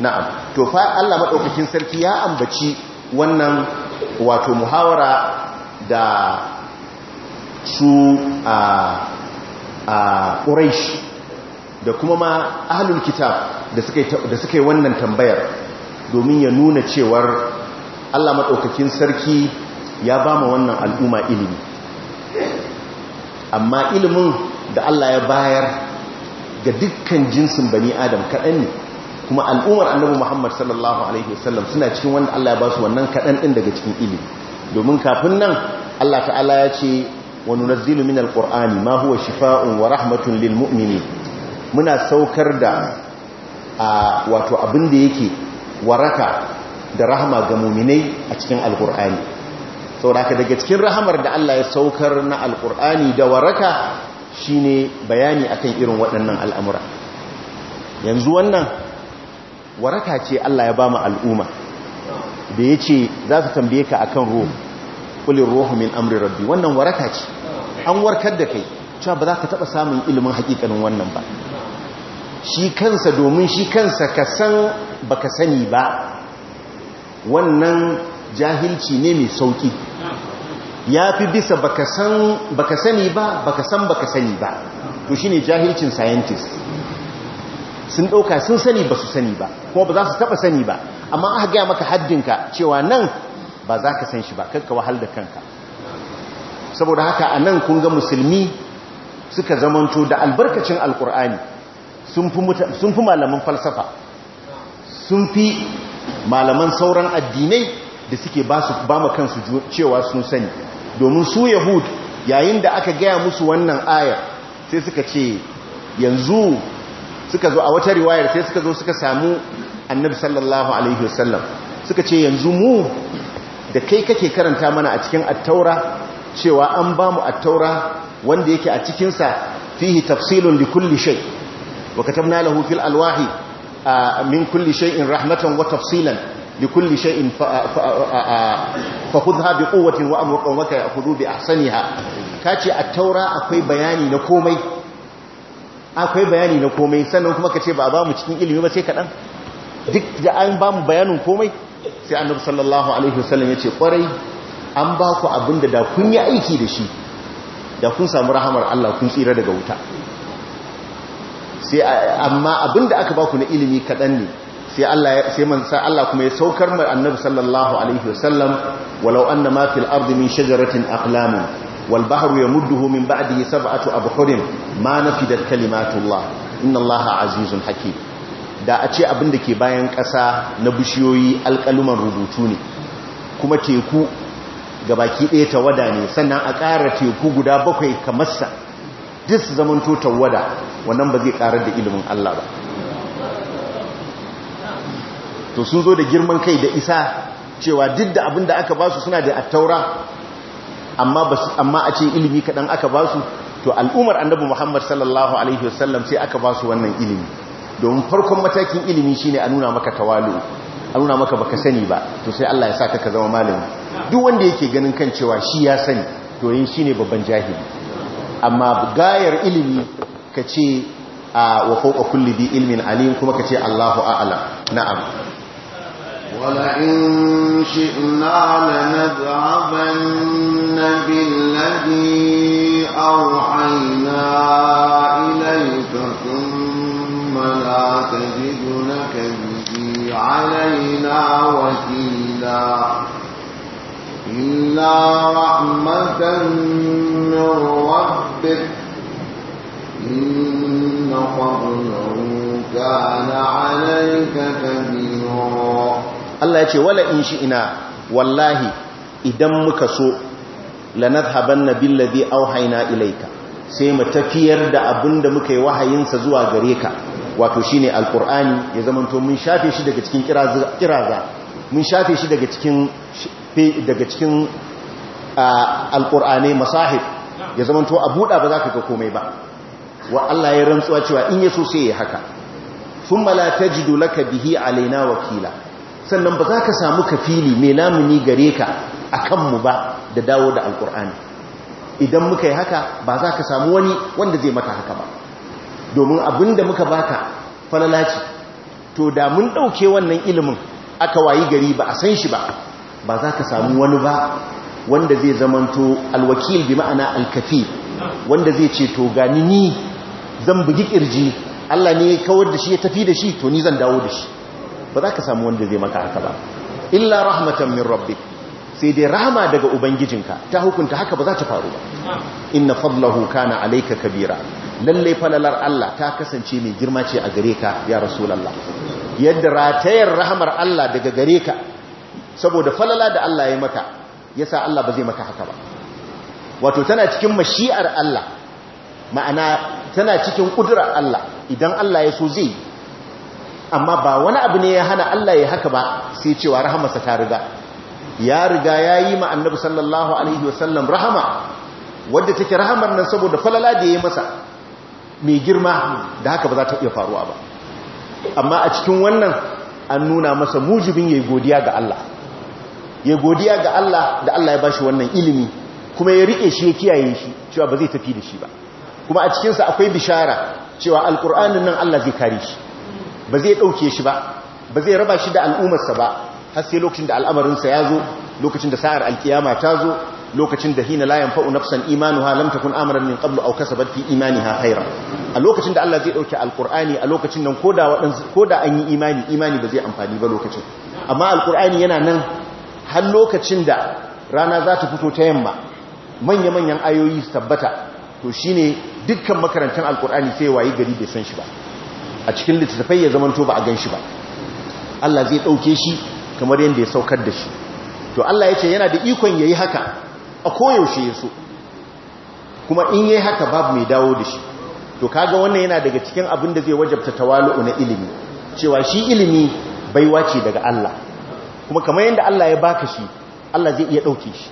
Speaker 1: na'am to fa Allah maɗaukakin sarki ya ambaci wannan wato muhawara da su a a Quraysh da kuma ma ahlul kitab da suka yi wannan tambayar domin ya nuna cewar Allah maɗaukakin sarki ya ba mu wannan al'umma ilimi amma ilimin da Allah ya bayar ga dukkan jinsin bani adam kaɗan ne kuma al'ummar annabi muhammad sallallahu alaihi wasallam suna cikin wanda allah ya ba su wannan kaɗan ɗin daga cikin ilimi domin kafin nan allah ta'ala ya ce wa nunazzilu min alqur'ani ma huwa shifa'un wa rahmatun lil mu'minin muna saukar da wato abin da yake waraka da rahama ga mu'minai a cikin alqur'ani saboda daga cikin rahamar da allah ya saukar na alqur'ani da waraka shine bayani akan irin waɗannan al'amura yanzu wannan waraka ce Allah ya ba mu al'umma da ya ce za su tambaye ka akan ruhu ƙulin ruhu min amri rabbi wannan waraka ce an warkar da kai cewa ba za ka taɓa samun ilimin haƙiƙanin wannan ba shi kansa domin shi kansa ka san ba ka sani ba wannan jahilci ne mai sauƙi ya fi bisa baka sani ba baka san baka sani ba to ne jahilcin scientist sun ɗauka sun sani ba su sani ba ko ba za su taɓa sani ba amma aka gaya maka haddinka cewa nan ba za ka san shi ba kakka wahal da kanka saboda haka a nan kun ga musulmi suka zamanto da albarkacin alkur'ani sun fi malaman falsafa sun fi malaman sauran addinai da suke ba ma kansu cewa sun sani domin su yahud yayin da aka gaya musu wannan ayar sai suka ce yanzu suka zo a wata riwayar sai suka zo suka samu annabi sallallahu alaihi wasallam suka ce yanzu mu da kai kake karanta mana a cikin attaura cewa an ba mu attaura wanda yake a cikinsa fihi tafsilun li kulli shay wa katabna lahu fil alwahi min kulli shay'in rahmatan wa tafsilan لكل شيء فخذها بقوة وأمر قومك يأخذوا بأحسنها كاتي التوراة أكوي a taura akwai bayani na komai sannan kuma ka ce ba a ba mu cikin ilimi ba sai kaɗan duk da an ba mu bayanin komai sai annabi sallallahu alaihi wasallam ya ce kwarai an ba ku abin da kun yi aiki da shi da kun samu rahamar Allah kun tsira daga wuta sai amma abinda aka ba ku na ilimi kaɗan ne sai Allah Allah kuma ya saukar mai annabi sallallahu alaihi wasallam walau an da fil ardi min shajaratin aqlamun wal ya yamudduhu min ba'dihi sab'atu abhurin ma na da kalimatullah inna Allah azizun hakim da a ce abin da ke bayan ƙasa na bishiyoyi alƙaluman rubutu ne kuma teku ga baki ɗaya tawada ne sannan a ƙara teku guda bakwai kamarsa duk zamanto tawada wannan ba zai ƙarar da ilimin Allah ba to sun zo da girman kai da isa cewa duk da abin da aka basu suna da attaura amma a ce ilimi kaɗan aka basu to al'umar annabi muhammad sallallahu alaihi wasallam sai aka basu wannan ilimi domin farkon matakin ilimi shine a nuna maka tawalu a nuna maka baka sani ba to sai Allah ya saka ka zama malami duk wanda yake ganin kan cewa shi ya sani to yin shine babban jahili amma gayar ilimi kace a wa fawqa kulli bi ilmin alim kuma kace Allahu a'lam na'am
Speaker 2: ولئن شئنا لنذهبن بالذي أوحينا إليك ثم لا تجد لك به علينا وكيلا إلا رحمة من ربك
Speaker 1: إن فضله كان عليك كبيرا Allah ya ce wala in shi ina wallahi idan muka so nabil ladhi auhaina ilaika sai mu tafiyar da abinda muka yi wahayinsa zuwa gare ka wato shine alqur'ani ya zamanto mun shafe shi daga cikin kiraza mun shafe shi daga cikin daga cikin alqur'ani masahif ya zamanto a buda ba za ka ga komai ba wa Allah ya rantsuwa cewa in yaso sai ya haka thumma la tajidu laka bihi alaina wakila sannan ba za ka samu kafili mai namuni gare ka a kanmu ba da dawo da alkur'ani idan muka yi haka ba za ka samu wani wanda zai maka haka ba domin abin da muka baka falalaci to da mun ɗauke wannan ilimin aka wayi gari ba a san shi ba ba za ka samu wani ba wanda zai zamanto alwakil bi ma'ana alkafi wanda zai ce to gani ni zan bugi ƙirji. Allah ne kawar da shi ya tafi da shi to ni zan dawo da shi ba za ka samu wanda zai maka haka ba illa rahmatan min rabbik sai dai rahama daga ubangijinka ta hukunta haka ba za ta faru ba inna fadlahu kana alayka kabira lalle falalar Allah ta kasance mai girma ce a gare ka ya rasulullah yadda ratayar rahamar Allah daga gare ka saboda falala da Allah ya maka yasa Allah ba zai maka haka ba wato tana cikin mashi'ar Allah ma'ana tana cikin kudurar Allah idan Allah ya so zai amma ba wani abu ne ya hana Allah ya haka ba sai cewa rahamarsa ta riga ya riga ya yi ma annabi sallallahu alaihi wasallam rahama wadda take rahamar nan saboda falala da ya masa mai girma da haka ba za ta iya faruwa ba amma a cikin wannan an nuna masa mujibin ya godiya ga Allah ya godiya ga Allah da Allah ya bashi wannan ilimi kuma ya rike shi ya kiyaye shi cewa ba zai tafi da shi ba kuma a cikinsa akwai bishara cewa alkur'anin nan Allah zai kare shi ba zai ɗauke shi ba ba zai raba shi da al'ummarsa ba har sai lokacin da al'amarinsa ya zo lokacin da sa'ar alkiyama ta zo lokacin da hina layan fa'u nafsan imanuha lam kun amaran min qablu auka sabar fi ha haira a lokacin da Allah zai ɗauke Alkur'ani a lokacin nan ko da an yi imani imani ba zai amfani ba lokacin amma Alkur'ani yana nan har lokacin da rana za ta fito ta yamma manya manyan ayoyi tabbata to shi ne dukkan makarantar alƙurani sai waye gari bai san shi ba a cikin littattafai ya zamanto ba a gan shi ba Allah zai ɗauke shi kamar yadda ya saukar da shi to Allah ya ce yana da ikon ya yi haka a koyaushe ya so kuma in ya yi haka babu mai dawo da shi to kaga wannan yana daga cikin abin da zai wajabta tawalu'u na ilimi cewa shi ilimi baiwa ce daga Allah kuma kamar yadda Allah ya baka shi Allah zai iya ɗauke shi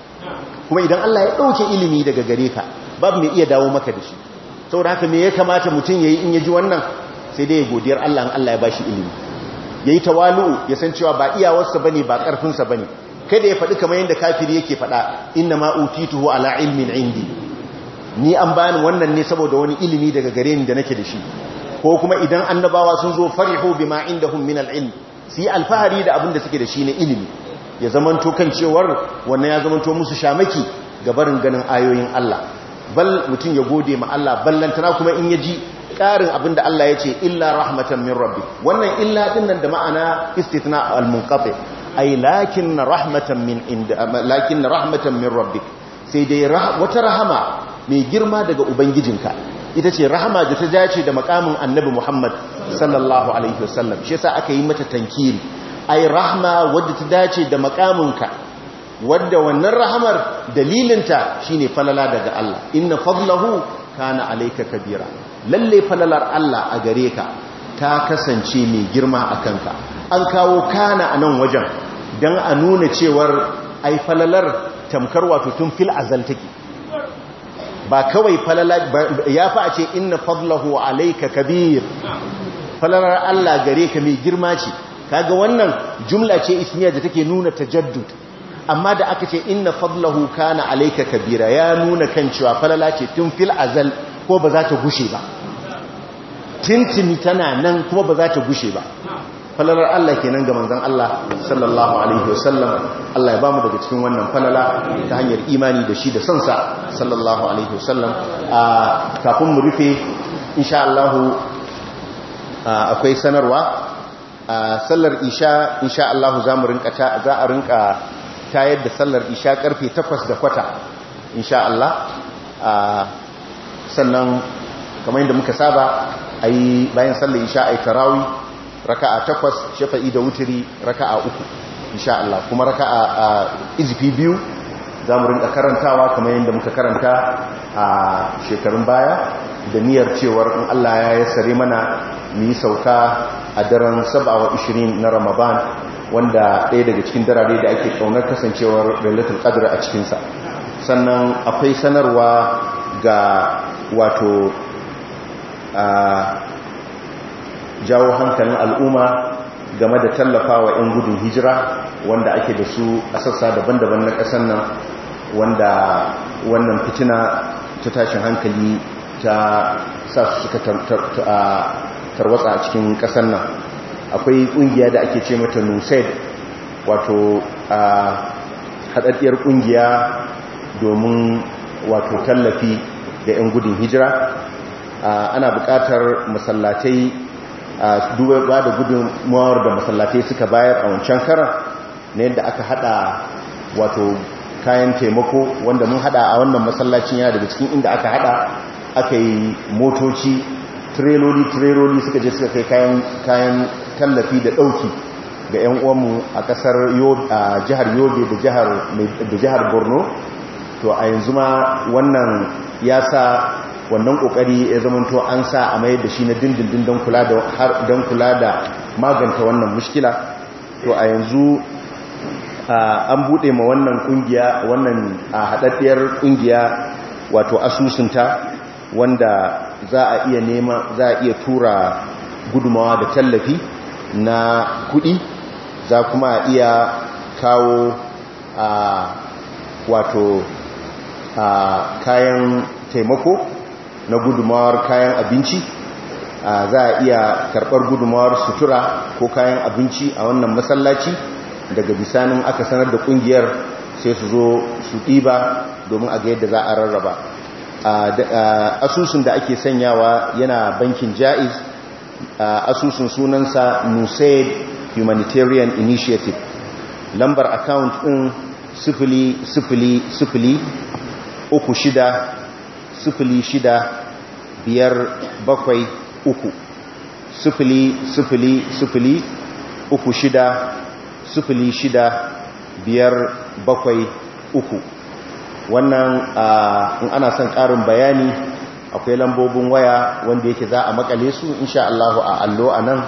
Speaker 1: kuma idan Allah ya ɗauke ilimi daga gare ka babu mai iya dawo maka da shi saboda haka me ya kamata mutum ya yi in ya ji wannan sai dai ya godiyar Allah an Allah ya bashi ilimi yayi tawalu ya san cewa ba iyawarsa bane ba sa bane kada ya faɗi kamar yadda kafiri yake faɗa inna ma utituhu ala ilmin indi ni an bani wannan ne saboda wani ilimi daga gare ni da nake da shi ko kuma idan annabawa sun zo farihu bima indahum min al-ilm si al alfahari da abin da suke da shi ne ilimi ya zamanto kan cewar wannan ya zamanto musu shamaki ga barin ganin ayoyin Allah bal mutum ya gode ma Allah ballantana kuma in ya ji Karin abin da Allah ya ce illa rahmatan min rabbi wannan illa din nan da ma'ana istithna al-munqati ay lakin rahmatan min inda lakin rahmatan min rabbi sai dai wata rahama mai girma daga ubangijinka ita ce rahama da ta dace da makamin annabi Muhammad sallallahu alaihi wasallam shi yasa aka yi mata tankiri ay rahma wadda ta dace da makaminka wadda wannan rahamar dalilinta shine falala daga Allah inna fadlahu kana alayka kabira lalle falalar Allah a gare ka ta kasance mai girma a kanka an kawo kana a nan wajen don a nuna cewar ai falalar tamkar wato tun fil azal take ba kawai falala ya fi a ce inna fadlahu alaika kabir falalar Allah gare ka mai girma ce kaga wannan jumla ce ismiya da take nuna tajaddud amma da aka ce inna fadlahu kana alaika kabira ya nuna kan cewa falala ce tun fil azal ko ba za ta gushe ba tintini tana nan kuma ba za ta gushe ba falalar Allah kenan ga manzon Allah sallallahu alaihi wasallam Allah ya bamu daga cikin wannan falala ta hanyar imani da shi da sansa sallallahu alaihi wasallam kafin mu rufe insha Allah akwai sanarwa sallar isha insha Allah za mu rinka za a rinka tayar da sallar isha karfe 8 da kwata insha Allah sannan kamar yadda muka saba a yi bayan sallar isha a yi tarawi a takwas shafa'i da wuturi a uku insha Allah kuma raka a izifi biyu za mu rinka karantawa kamar yadda muka karanta a shekarun baya da niyyar cewar in Allah ya sare mana mu yi sauka a daren 27 na Ramadan wanda ɗaya daga cikin darare da ake kaunar kasancewar relatin Qadr a cikinsa sannan akwai sanarwa ga wato a jawo hankalin al'umma game da tallafawa 'yan gudun hijira wanda ake da su a sassa daban-daban na ƙasar nan wanda wannan fitina ta tashin hankali ta sa su suka tarwatsa a cikin ƙasar nan akwai ƙungiya da ake ce mata nusaid wato a haɗaɗɗiyar ƙungiya domin wato tallafi da 'yan gudun hijira ana bukatar masallatai duba ba da gudunmawar da masallatai suka bayar a wancan karan na yadda aka hada wato kayan taimako wanda mun hada a wannan masallacin yana daga cikin inda aka hada aka yi motoci tireloli-tireloli suka je suka kai kayan tallafi da ɗauki ga 'yan uwanmu a ƙasar jihar yobe da jihar borno to a yanzu ma wannan ya sa wannan kokari ya zamanto an sa a mayar da shi na dindindin don kula da don kula da maganta wannan mushkila to a yanzu an bude ma wannan kungiya wannan hadaddiyar kungiya wato asusunta wanda za a iya nema za a iya tura gudumawa da tallafi na kudi za kuma iya kawo a wato kayan taimako na gudumawar kayan abinci za a iya karɓar gudumawar sutura ko kayan abinci a wannan masallaci daga bisanin aka sanar da ƙungiyar sai su zo su ɗiba domin a ga yadda za a rarraba asusun da ake sanyawa yana bankin ja'iz asusun sunansa nusaid humanitarian initiative lambar account ɗin sifili sifili sifili uku shida sufili shida biyar bakwai uku sufili sufili sufili uku shida sufili shida biyar bakwai uku wannan in ana son ƙarin bayani akwai lambobin waya wanda yake za a makale su insha Allah a allo a nan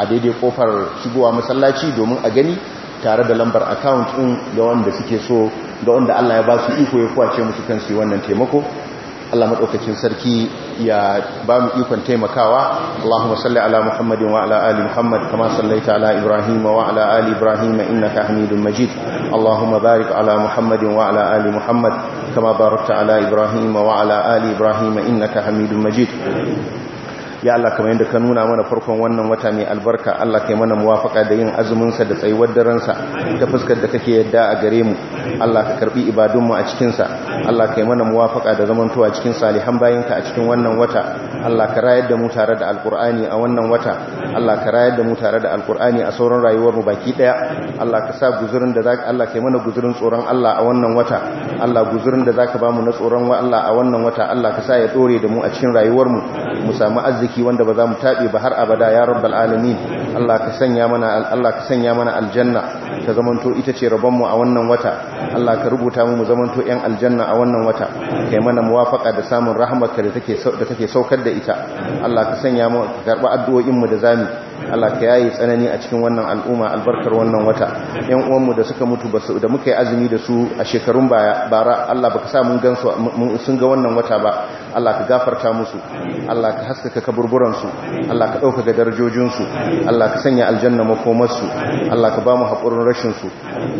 Speaker 1: a daidai kofar shigowa masallaci domin a gani tare da lambar account ɗin ga wanda suke so ga wanda Allah ya ba su iko ya kwace musu kansu wannan taimako Allah madaukakin sarki ya ba mu ikon taimakawa Allahumma salli ala Muhammadin wa ala ali Muhammad kama sallaita ala Ibrahim wa ala ali Ibrahim innaka Hamidum Majid Allahumma barik ala Muhammadin wa ala ali Muhammad kama barakta ala Ibrahim wa ala ali Ibrahim innaka Hamidum Majid ya Allah kamar yadda ka nuna mana farkon wannan wata mai albarka Allah kai mana muwafaka da yin azuminsa da tsayuwar daransa ta fuskar da kake yadda a gare mu Allah ka karbi ibadunmu a cikinsa Allah kai mana muwafaka da tuwa cikin salihan bayinka a cikin wannan wata Allah ka rayar da mu tare da alkur'ani a wannan wata Allah ka rayar da mu tare da alkur'ani a sauran rayuwar mu baki daya Allah ka sa guzurin da zaka Allah kai mana guzurin tsoron Allah a wannan wata Allah guzurin da zaka mu na tsoron Allah a wannan wata Allah ka sa ya dore da mu a cikin rayuwar mu mu samu arziki kirki wanda ba za mu taɓe ba har abada ya rabbal alamin Allah ka sanya mana Allah ka sanya mana aljanna ta zamanto ita ce rabon mu a wannan wata Allah ka rubuta mu mu zamanto yan aljanna a wannan wata kai mana muwafaqa da samun rahmatka da take da take saukar da ita Allah ka sanya mu ka karba addu'o'in mu da zamu Allah ka yayi tsanani a cikin wannan al'umma albarkar wannan wata yan uwanmu da suka mutu da muka yi azumi da su a shekarun baya bara Allah baka sa mun gansu sun ga wannan wata ba Allah ka gafarta musu Allah ka haskaka kaburburan su Allah ka dauka ga darajojin su Allah ka sanya aljanna makomar su Allah ka ba mu hakurin rashin su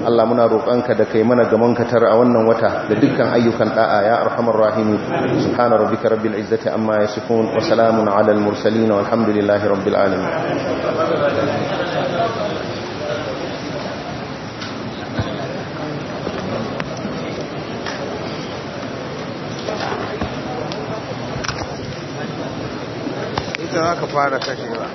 Speaker 1: Allah muna ka da kai mana gaman ka tar a wannan wata da dukkan ayyukan da'a ya arhamar rahimi subhana rabbika rabbil izzati amma yasifun wa salamun ala al mursalin walhamdulillahi rabbil alamin
Speaker 2: ita za ka fara kashewa